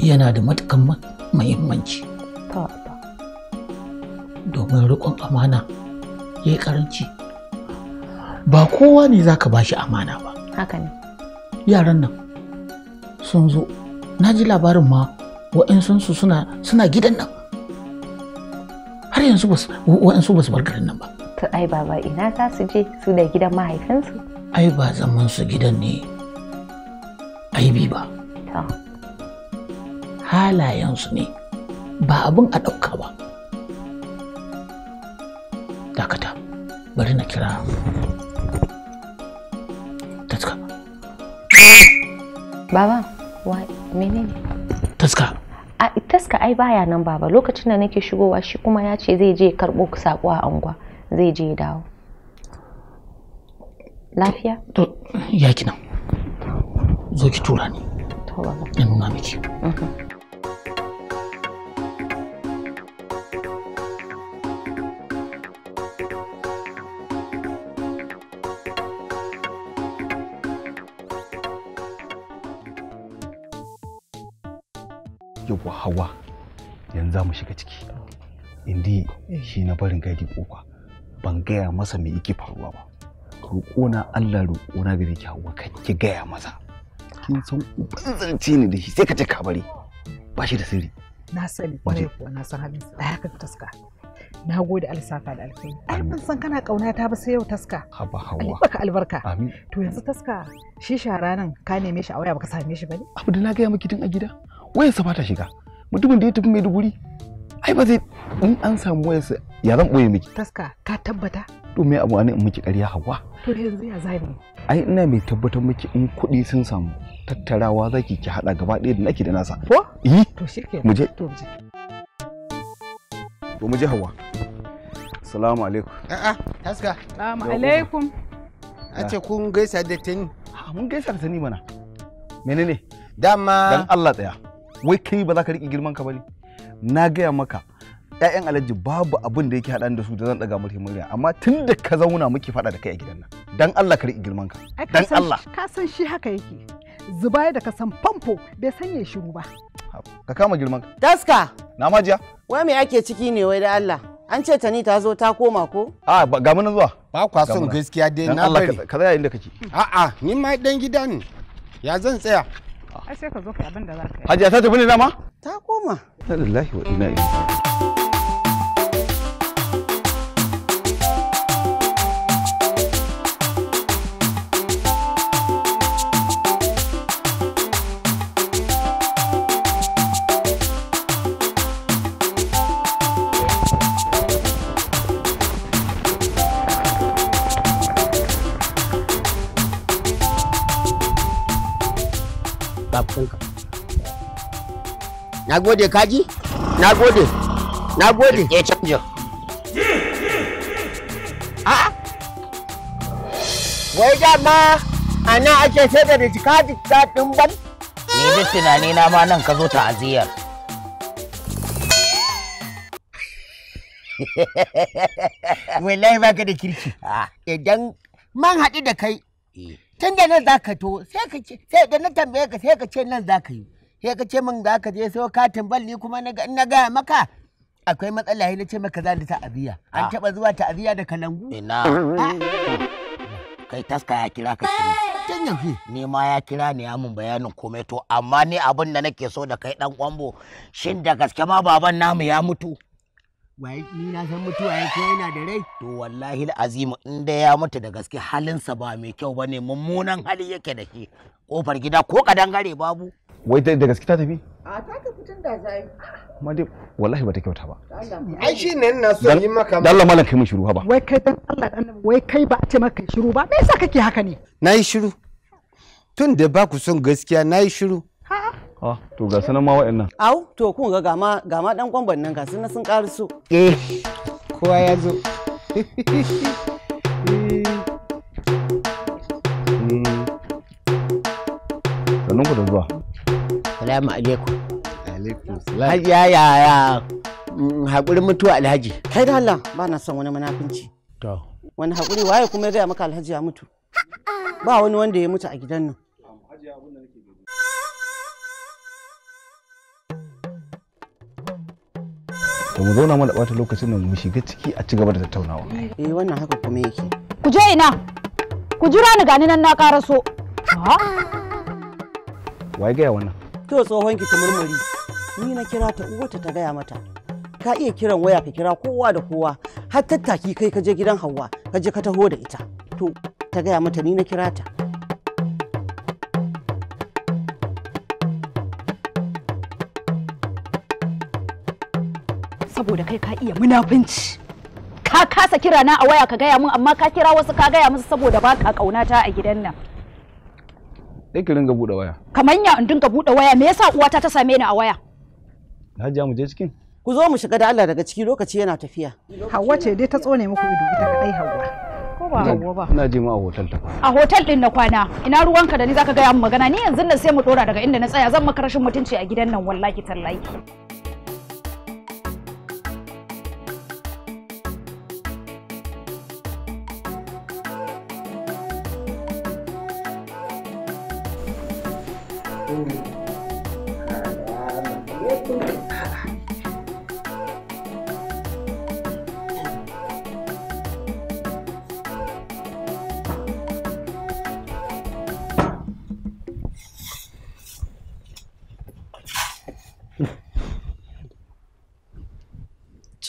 yana da matukan muhimmanci domin riƙon amana ya yi ƙaranci ba kowa ne za ka ba shi amana ba haka ne yaran nan sun zo na ji labarin ma wa'insunsu suna suna gidan nan har yanzu ba su bar garin nan ba to ai baba ina za su je su da gidan mahaifinsu ai ba zaman su gidan ne aibi ba halayensu ne ba abin a ɗauka ba dakata bari na kira Baba, wa ne. Taska. A taska ai baya nan baba lokacin da nake shigowa shi kuma ya ce zai je karɓo sako a unguwa zai je dawo. Lafiya? To, ya kina. Zo ki tura ni. To baba. In nuna miki. Mhm. ko hawa yanzu za mu shiga ciki indi shi na barin gadi kofa ban gaya masa me yake faruwa ba roƙo na Allah roƙona na gare ki hawa kan ki gaya masa kin san uban zance ne da shi sai ka ce ka bari ba shi da sirri na sani kwarai kuwa na san halin sa haka taska na gode alsafa da alkai ai ban san kana kauna ta ba sai yau taska haba hawa baka albarka amin to yanzu taska shi shara nan ka neme shi a waya baka same shi bane abu da na gaya maki tun a gida wayarsa ba ta shiga mutumin da ya tafi maiduguri ai ba zai in an samu wayarsa ya zan ɓoye miki taska ka tabbata to me abu in miki ƙarya hawa to yanzu ya zai ai ina mai tabbatar miki in kuɗi sun samu tattarawa zaki ki haɗa gaba ɗaya da nake da nasa ko eh to shikenan mu je to je to mu je hawa assalamu alaikum a'a taska assalamu alaikum a ce kun gaisa da tani ah, mun gaisa da tani mana menene dama dan Allah tsaya wai kai ba za ka riƙe girman ka ba ne na gaya maka ƴaƴan alaji babu abin da yake haɗa da su da zan ɗaga mulkin murya amma tun da ka zauna muke faɗa da kai a gidan nan dan Allah ka riƙe girman ka dan Allah ka san shi haka yake zuba da ka san famfo bai sanya shiru ba ka kama girman ka taska na majiya wai me ake ciki ne wai da Allah an ce tani ta zo ta koma ko a ga mun zuwa ba kwa son gaskiya dai na bari ka tsaya inda kake a'a ni ma dan gida ne ya zan tsaya ai sai ka zo ka abin da za ka yi hajiya ta tafi ne dama ta koma ta lillahi wa inna ilaihi na gode kaji na gode na gode ya canja a wai dama a nan ake sai da jika ta ɗin ban ni duk tunani na ma nan ka zo ta'aziyar wallahi ka da kirki idan man haɗu da kai eh. tun da nan za ka to sai ka ce sai da na tambaye ka sai ka ce nan za ka yi sai ka ce min za ka je sayo katin balli kuma na gaya maka akwai matsala na ce maka za ni ta'aziyya an ah. taba zuwa ta'aziyya da kalangu ina ah. kai taska ya kira ka tun yanzu ni ma ya kira ni ya mun bayanin komai to amma ne abin da nake so da kai dan kwambo shin da gaske ma baban namu ya mutu wai ni na san mutuwa yake yana da rai to wallahi azimu in dai ya mutu da gaske halinsa ba mai kyau ba ne mummunan hali yake da shi kofar gida ko kadangare babu wai da gaske ta tafi a ta ka fitin da zai kuma dai wallahi bata kyauta ba ai shi ne na so yi maka da Allah malam kai mun shiru ba wai kai dan Allah dan wai kai ba a ce maka shiru ba me yasa kake haka ne nayi shiru tun da ba ku son gaskiya nayi shiru ha ah, to ga sanan ma wa'annan. Au, to kun ga gama gama dan kwamban nan ga sun sun karisu. Eh. Kowa ya zo. Hmm. Sannan ku da zuwa. Salamu alaikum. Alaikum salam. ya yaya mm, haƙurin a alhaji. Kai da Allah ba na son wani munafunci. To. Wani haƙuri waye kuma ya gaya maka alhaji ya mutu. Ba wani wanda ya mutu a gidan nan. To mu zauna mana ɓata lokacin nan mu shiga ciki a ci gaba da tattaunawa. Eh wannan haka kuma yake. Ku je ina. Ku jira ni gani nan na ƙaraso. Wai gaya wannan? to tsohon ki ta murmuri ni na kira ta uwata ta gaya mata ka iya kiran waya ka kira kowa da kowa har tattaki kai ka je gidan hawa ka je ka taho da ita to ta gaya mata ni na kira ta saboda kai ka iya munafunci ka kasa kira na a waya ka gaya mun amma ka kira wasu ka gaya musu saboda ba ka kaunata a gidan nan Dai ki ringa buɗe waya. Kamar ya in dinga buɗe waya me yasa uwata ta same ni a waya? na Hajiya mu je cikin. Ku zo mu shiga da Allah daga ciki lokaci yana tafiya. Hawwa ce dai ta tsone muku ido ita kadai Hawwa. Ko ba Hawwa ba? Ina je mu a hotel ta A hotel din na kwana. Ina ruwanka da ni zaka gaya mu magana ni yanzu nan sai mu dora daga inda na tsaya zan maka rashin mutunci a gidan nan wallahi tallahi.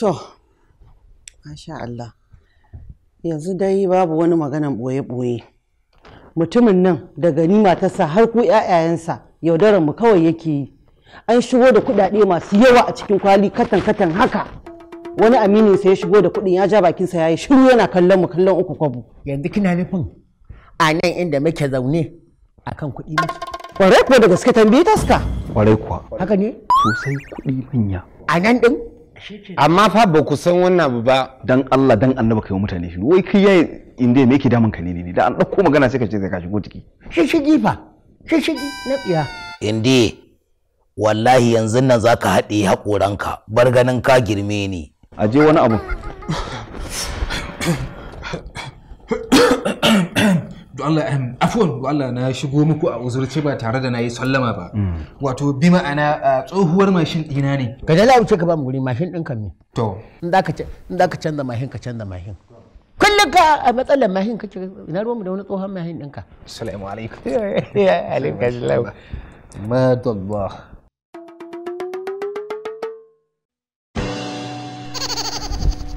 To, Masha Allah. Yanzu dai babu wani maganan ɓoye-ɓoye. Mutumin nan daga ni matarsa har ku ‘ya'yayensa yaudarar mu kawai yake yi. An shigo da kuɗaɗe masu yawa a cikin kwali katan-katan haka. Wani amininsa ya shigo da kuɗin ya ja bakinsa ya yi shiru yana kallon mu kallon uku kwabo. Yanzu kina nufin a nan inda muke zaune akan kuɗi muke. Kwarai kuwa da gaske tambayi taska. Kwarai kuwa. Haka ne? Sosai kuɗi manya. A nan ɗin? amma fa ba ku san wannan abu ba dan Allah dan annaba kai mutane shi wai kai yayi inda me yake damun ka ne ne da an dauko magana sai ka ce ka shigo ciki shigi fa shigi na biya inde wallahi yanzu nan zaka haɗe haƙoranka bar ganin ka girme ni aje wani abu do Allah ahm afwan Allah na shigo muku a uzurci ba tare da nayi sallama ba mm. wato bi ma'ana tsohuwar mashin dina ne ka da lawo ce ka ba mu guri mashin din kan ne to in zaka in zaka canza mashin ka canza mashin kullum ka a matsalar mashin kake ina mu da wani tsohon mashin ɗinka assalamu alaikum ya alaikum assalam madallah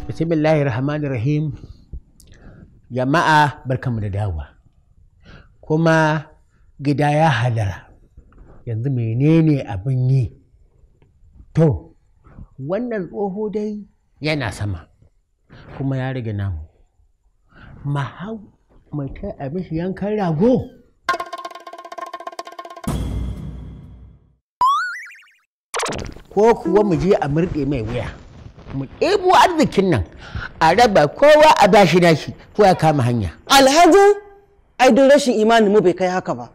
bismillahir rahmanir rahim jama'a barkamu da dawowa kuma gida ya halara yanzu menene abin yi to wannan tsoho dai yana sama kuma ya rage namu mahau mai kai abin shi yankan rago ko kuwa mu je a murɗe mai wuya mu ɗebo arzikin nan a raba kowa a bashi nashi ko ya kama hanya alhaji ai duk rashin imani mu bai kai haka ba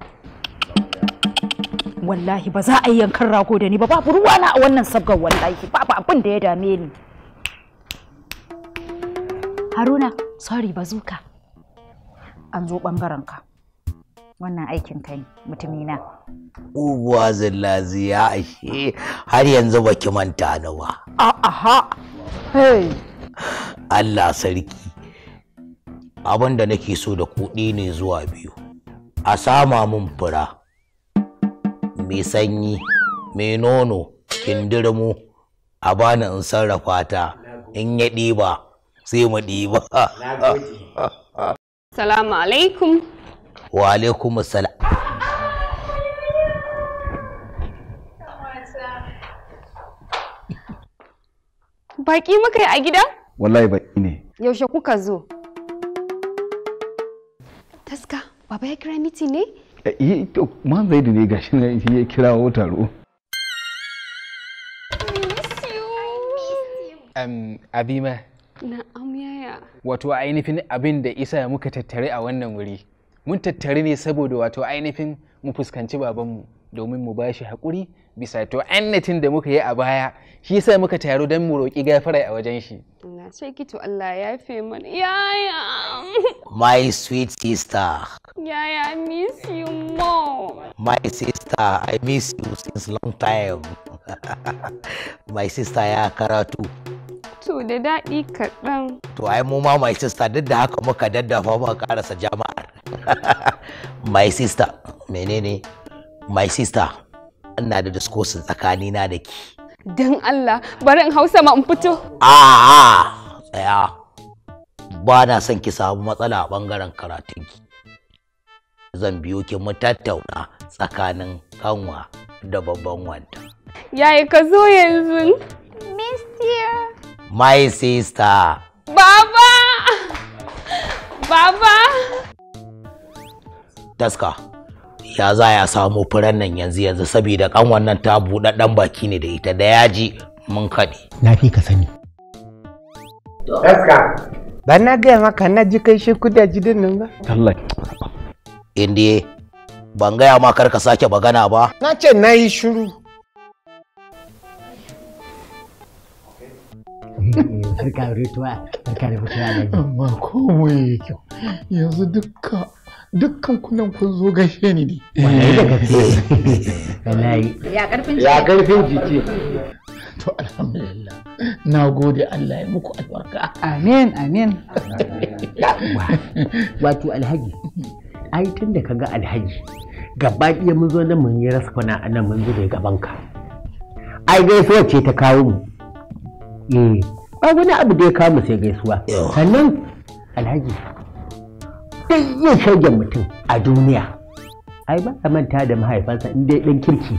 wallahi ba za a yi yankan rago da ni ba babu ruwa na a wannan sabgar wallahi babu abin da ya dame ni haruna sorry bazuka an zo bangaren wannan aikin ka ne mutumina uwa zillaziya ashe har yanzu baki manta nawa. ba a'a hey Allah sarki abin da nake so da kuɗi ne zuwa biyu a sama mun fura mai sanyi mai nono kindirmo a bani in sarrafa ta in ya ɗiba sai mu ɗiba salamu alaikum wa alaikum salam Baki muka yi a gida? Wallahi baki ne. Yaushe kuka zo? Taska, baba ya kira miti ne? Eh, eh man zai ne gashi shi ya wa taro. Um, Abima. yaya. Wato ainihin abin da isa muka tattare a wannan wuri. Mun tattare ne saboda wato ainihin mu fuskanci babanmu. domin mu ba shi haƙuri bisa to annatin da muka yi a baya shi sa muka taru don mu roƙi gafara a wajen shi na ce ki to Allah ya fi mana yaya my sweet sister yaya i miss you more my sister i miss you since long time my sister ya karatu to da daɗi kaɗan. To ai mu ma my sister duk da haka muka daddafa muka karasa jama'ar. my sister menene? my sister ina da discourse tsakanina da ki don Allah bari in hausa ma in fito Ah, tsaya ba na son ki samu matsala a karatun ki, zan biyo ki mu tattauna tsakanin kanwa da babban wanda. Yaya ka zo yanzu mister my sister baba baba taska ya za ya samu furen nan yanzu yanzu saboda kan wannan ta buɗaɗɗen baki ne da ita da yaji mun kaɗi. Na fi ka sani. Gaska. Ba na gaya maka na ji kai shi kuda jidin nan ba. Tallahi. Indiye, ban gaya ma kar ka sake magana ba. Na ce na yi shiru. Barka da fitowa, barka da fitowa da Amma komai kyau, yanzu dukka dukkan kunan kun zo gashe ni ne. Eh. Ya karfin jiki. Ya karfin jiki. To alhamdulillah. Na gode Allah ya muku albarka. Amin amin. Wato alhaji. Ai tun da ka ga alhaji. Gaba ɗaya mun zo nan mun yi rasfana a nan mun zube gaban ka. Ai gaisuwa ce ta kawo mu. Eh. Ba wani abu da ya kawo mu sai gaisuwa. Oh. Sannan alhaji. dai ya shage mutum a duniya ai ba ka manta da mahaifansa in dai ɗan kirki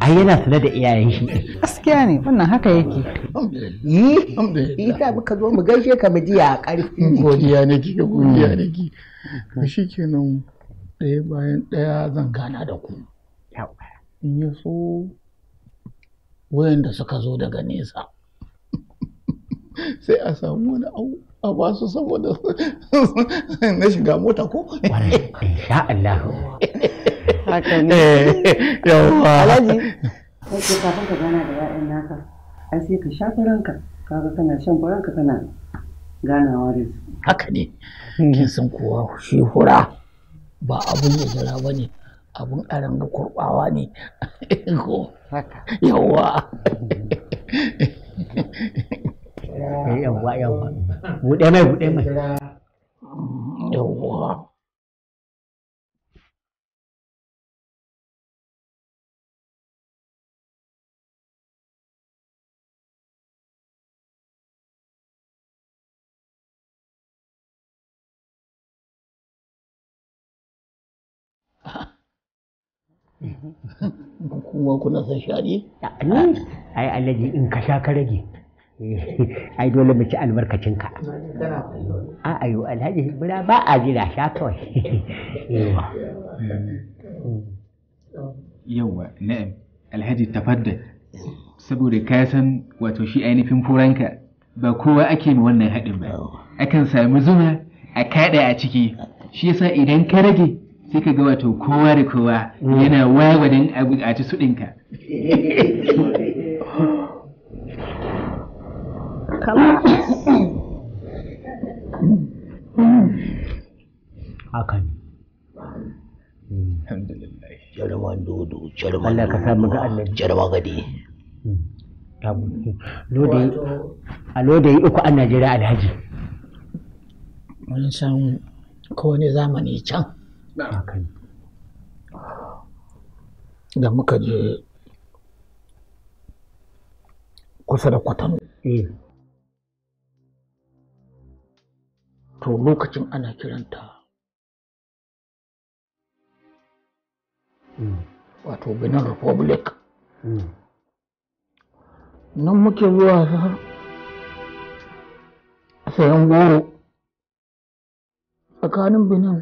ai yana sanar da iyayen shi gaskiya ne wannan haka yake yi ita muka zo mu gaishe ka mu jiya a ƙarfi godiya ne ki godiya hmm. ne ki shi kenan ɗaya bayan ɗaya zan gana da ku in ya so wayanda suka zo daga nesa sai a samu wani abu a ba su saboda na shiga mota ko insha Allah haka ne eh, yawa alhaji kake kafin ka gana da ya'yan naka ai sai ka sha ka kaga kana shan faranka kana ganawa da su haka ne kin san kowa shi hura ba abun ya jira bane abun aran ga kurbawa ne ko haka yawa yawwa yawwa buɗe mai buɗe mai yawwa kuma kuna ai in ka sha ka rage Eh, ai dole mu ci albarkacinka. ka a ayo alhaji bura ba a jira sha kawai yawa yawa na'am alhaji tafadda saboda ka san wato shi ainihin furanka ba kowa ake ma wannan haɗin ba akan sami zuma a kaɗa a ciki shi yasa idan ka rage sai ka ga wato kowa da kowa mm. yana wagwadin a buƙaci suɗinka kama haka ne alhamdulillah jarman dodo jarman sa mu gadi hmm. a lodayi uku a Najeriya alhaji mun san Wani zamani can da muka je kusa da kwatano eh. to lokacin ana kiranta mm. wato benin republic mm. nan muke zuwa sayan goro tsakanin benin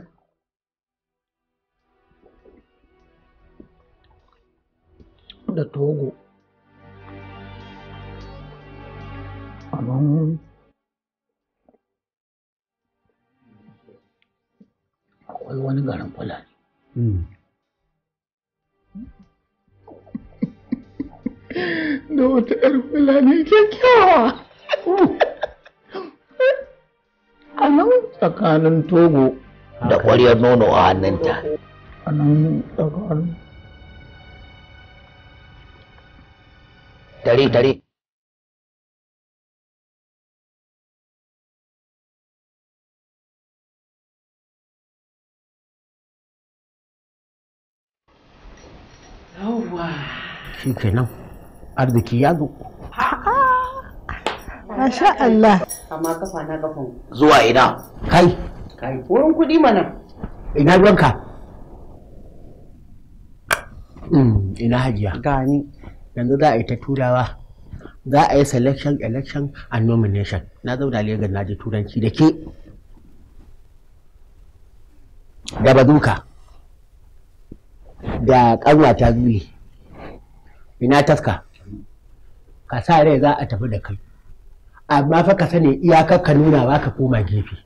da togo amma akwai wani garin fulani hmm. da wata ‘yar fulani kyakkyawa a nan tsakanin togo da kwaryar nono a hannunta a nan tsakanin tare-tare yawwa shi kenan arziki ya zo Masha Allah. Amma kafa na kafan. Zuwa ina. Kai. Kai. Wurin kuɗi mana. Ina ruwanka. Mm, ina hajiya. Gani. Yanzu za a yi ta turawa. Za a yi selection, election and nomination. Na zauna Legas na je turanci da ke. Da bazuka. Da ƙanwa ta ina taska ka sa rai za a tafi da kai amma fa ka sani iyakar ka nuna ba ka koma gefe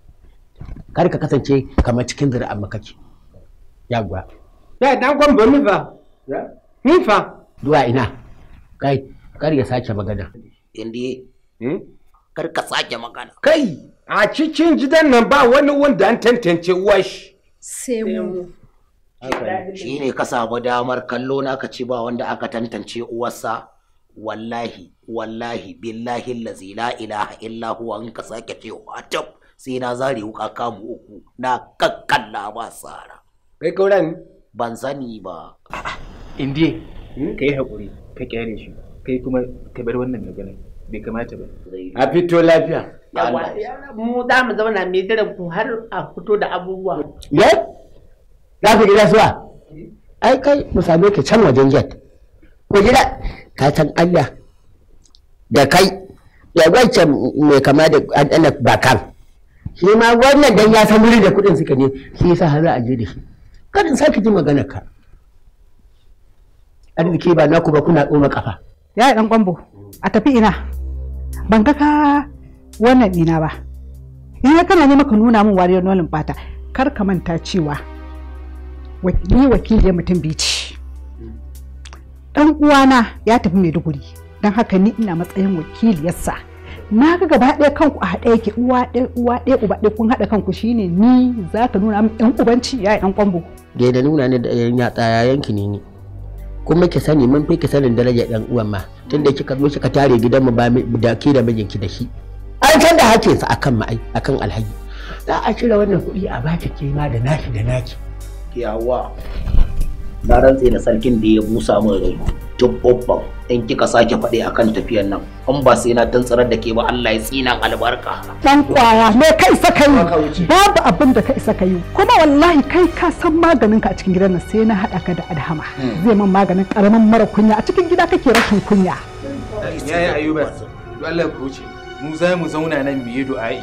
kar ka kasance kamar cikin amma kake yagwa ya dan gwamba ni fa ni fa zuwa ina kai kar ya sake magana indi hmm? kar ka sake magana kai a cikin gidan nan ba wani wanda an tantance uwa shi sai mu shi ne ka samu damar kallo na ka ce ba wanda aka tantance uwarsa wallahi wallahi billahi lazi la ilaha illa huwa in ka sake cewa tab sai na zare wuka kamu uku na kakkalla ba sara kai kauran ban sani ba indiye hmm? yi hakuri ka kyare shi kai kuma ka bar wannan magana bai kamata ba a fito lafiya mu za mu zauna mai jiran ku har a fito da abubuwa za ku gida rasuwa ai kai mu same ka can wajen jet ku gida ka san Allah da kai da wacce mai kama da ɗanɗana bakan shi ma wannan dan ya san wuri da kuɗin suka ne shi yasa har a je da shi kada sake ji magana ka arziki ba naku ba kuna tsoma kafa ya ɗan kwambo a tafi ina ban ga ka wannan ina ba ina kana ne maka nuna min wariyar nolin fata kar ka manta cewa ni wakiliyar mutum biyu ci dan uwana ya tafi mai duguri don haka ni ina matsayin wakiliyarsa na ga gaba ɗaya kanku a haɗa yake uwa ɗaya uwa ɗaya uba ɗaya kun haɗa kanku shine ni za ka nuna min ɗan ubanci ya ɗan kwambo da nuna ne da yan yatsa yayan ne kuma ki sani mun fi ki sanin daraja ɗan uwan ma tunda kika zo kika tare gidan mu ba da ke da mijinki da shi an kan da hakinsa akan ma'ai akan alhaji za a cire wannan kuɗi a baki ke ma da naki da naki yawa na rantse na sarkin da ya busa min rai dubbabban in kika sake faɗi akan tafiyan nan an ba sai na tantsarar da ke ba Allah ya tsina albarka dan kwaya me kai isa yi babu abin da ka isa kai kuma wallahi kai ka san maganin ka a cikin gidan nan sai na hada ka da adhama hmm. zai man maganin karamin mara kunya a cikin gida kake rashin kunya yayi ayuba Allah ku wuce mu za mu zauna nan mu yi du'a'i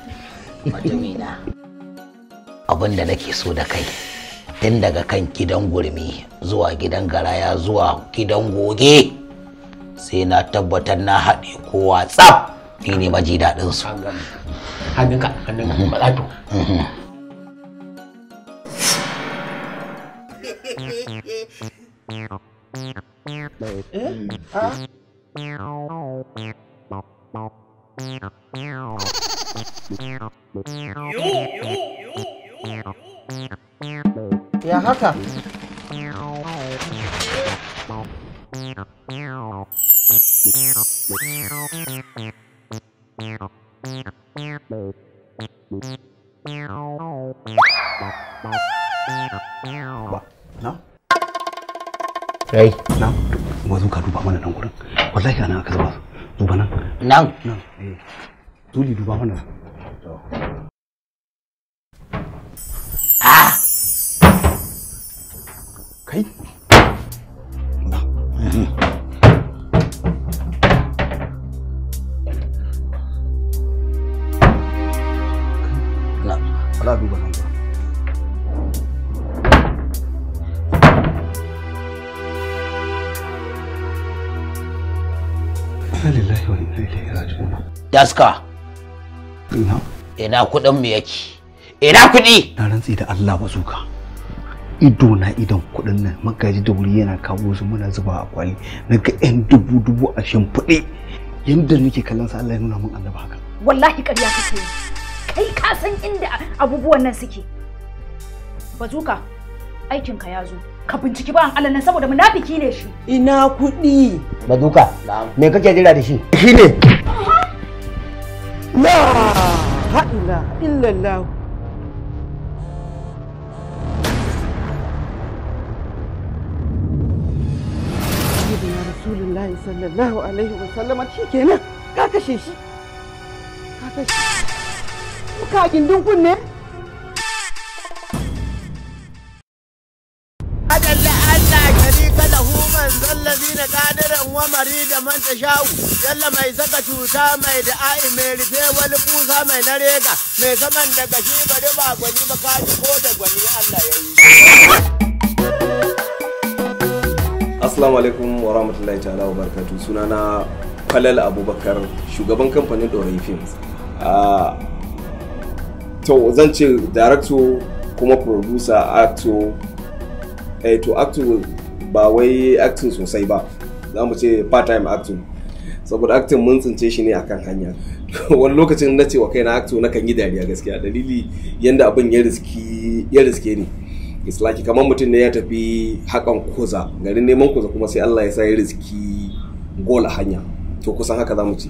mutumina abin da nake so da kai tun daga kan gidan gurmi zuwa gidan garaya zuwa gidan goge sai na tabbatar na haɗe kowa tsaf ni ne maji daɗin su hannunka hannunka malato mhm. mhm. eh? eh? Ah? ah? Ya haka? Rai. Na. Wazo ka duba mana nan gurin. Wallahi ana aka zuba su. duba nan nan nan eh. tuli duba mana ah kai Ala duba nan Daska. Ina. Ina kuɗin mu yake. Ina kuɗi. Na rantsi da Allah bazuka. Ido na idon kuɗin nan magaji da wuri yana kawo su muna zuba a kwali. Na ga 'yan dubu dubu a shimfiɗe. Yanda nake kallon sa Allah ya nuna min annaba haka. Wallahi ƙarya kake yi. Kai ka san inda abubuwan nan suke. Bazuka. aikinka ya zo ka binciki ba an nan saboda munafiki ne shi ina kuɗi bazuka me kake jira da shi shi shine la ha'ila illallah Rasulullahi sallallahu alaihi wa sallama shi kenan ka kashe shi ka kashe ka gindin kunne zina kadirin wa da man shawu yalla mai saka cuta mai da ai, mai rufe wani kusa mai na rega mai saman da gashi bari ba gwani ba kaji ko da gwani Allah ya yi Assalamu alaikum wa rahmatullahi ta'ala wa barakatuh sunana Falal Abubakar shugaban kamfanin Dorai Films ah, to zan ce director kuma producer actor eh to actor ba wai acting sosai ba za mu ce part time acting saboda acting mun tsince shi ne akan hanya wani lokacin na ce wa kai na acting na kan yi dariya gaskiya dalili yanda abin ya riski ya riske ni is like kamar mutum ne ya tafi hakan koza garin neman koza kuma sai Allah ya sa ya riski gola hanya to kusan haka za mu ce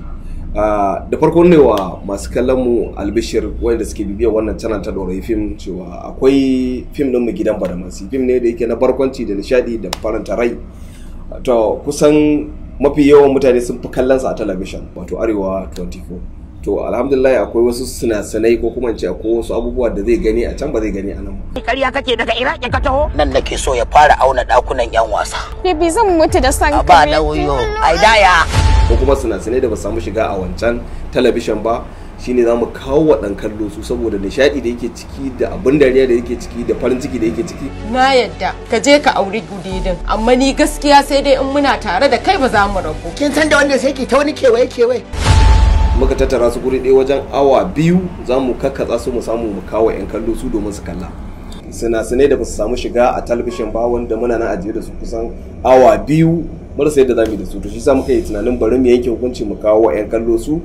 Ah, da farko ne wa masu kallon mu albishir wanda suke bibiya wannan canan ta dorai fim cewa akwai fim din mu gidan badamasi fim ne da yake na barkwanci da nishadi da faranta rai to kusan mafi yawan mutane sun fi kallon sa a talabishin wato arewa 24 to alhamdulillah akwai wasu sinasanai ko kuma ce akwai wasu abubuwa da zai gani a can ba zai gani a nan ba kariya kake daga iraki ka taho nan nake so ya fara auna dakunan yan wasa bibi zan mutu da san ka ba da wuyo ai daya ko kuma sinasanai da ba samu shiga a wancan talabishin ba shine zamu mu kawo wa ɗan kallo su saboda nishaɗi da yake ciki da abin dariya da yake ciki da farin ciki da yake ciki. Na yadda ka je ka auri gudidin amma ni gaskiya sai dai in muna tare da kai ba za mu rabu. Kin san da wanda sai ki ta wani kewaye kewaye. muka tattara su guri ɗaya wajen awa biyu za mu kakkatsa su mu samu mu kawo 'yan kallo su domin su kalla sinasinai da ba su samu shiga a talabishin ba wanda muna na ajiye da su kusan awa biyu marasa yadda za mu yi da su to shi sa muka yi tunanin bari mu yanke hukunci mu kawo 'yan kallo su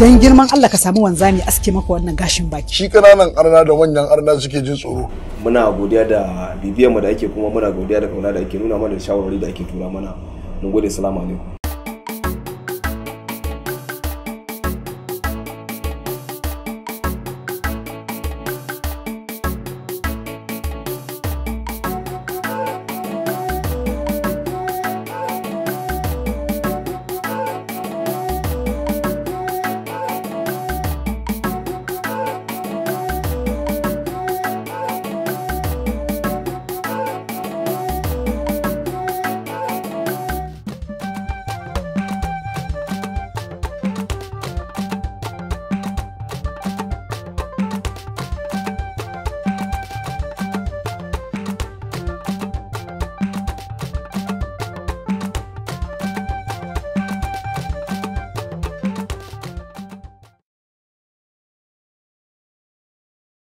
dan girman Allah ka samu wanzami aske maka wannan gashin baki shi kananan arna da manyan arna suke jin tsoro muna godiya da bibiyar mu da ake kuma muna godiya da kauna da ake nuna mana da shawarwari da ake tura mana mun gode salamu alaikum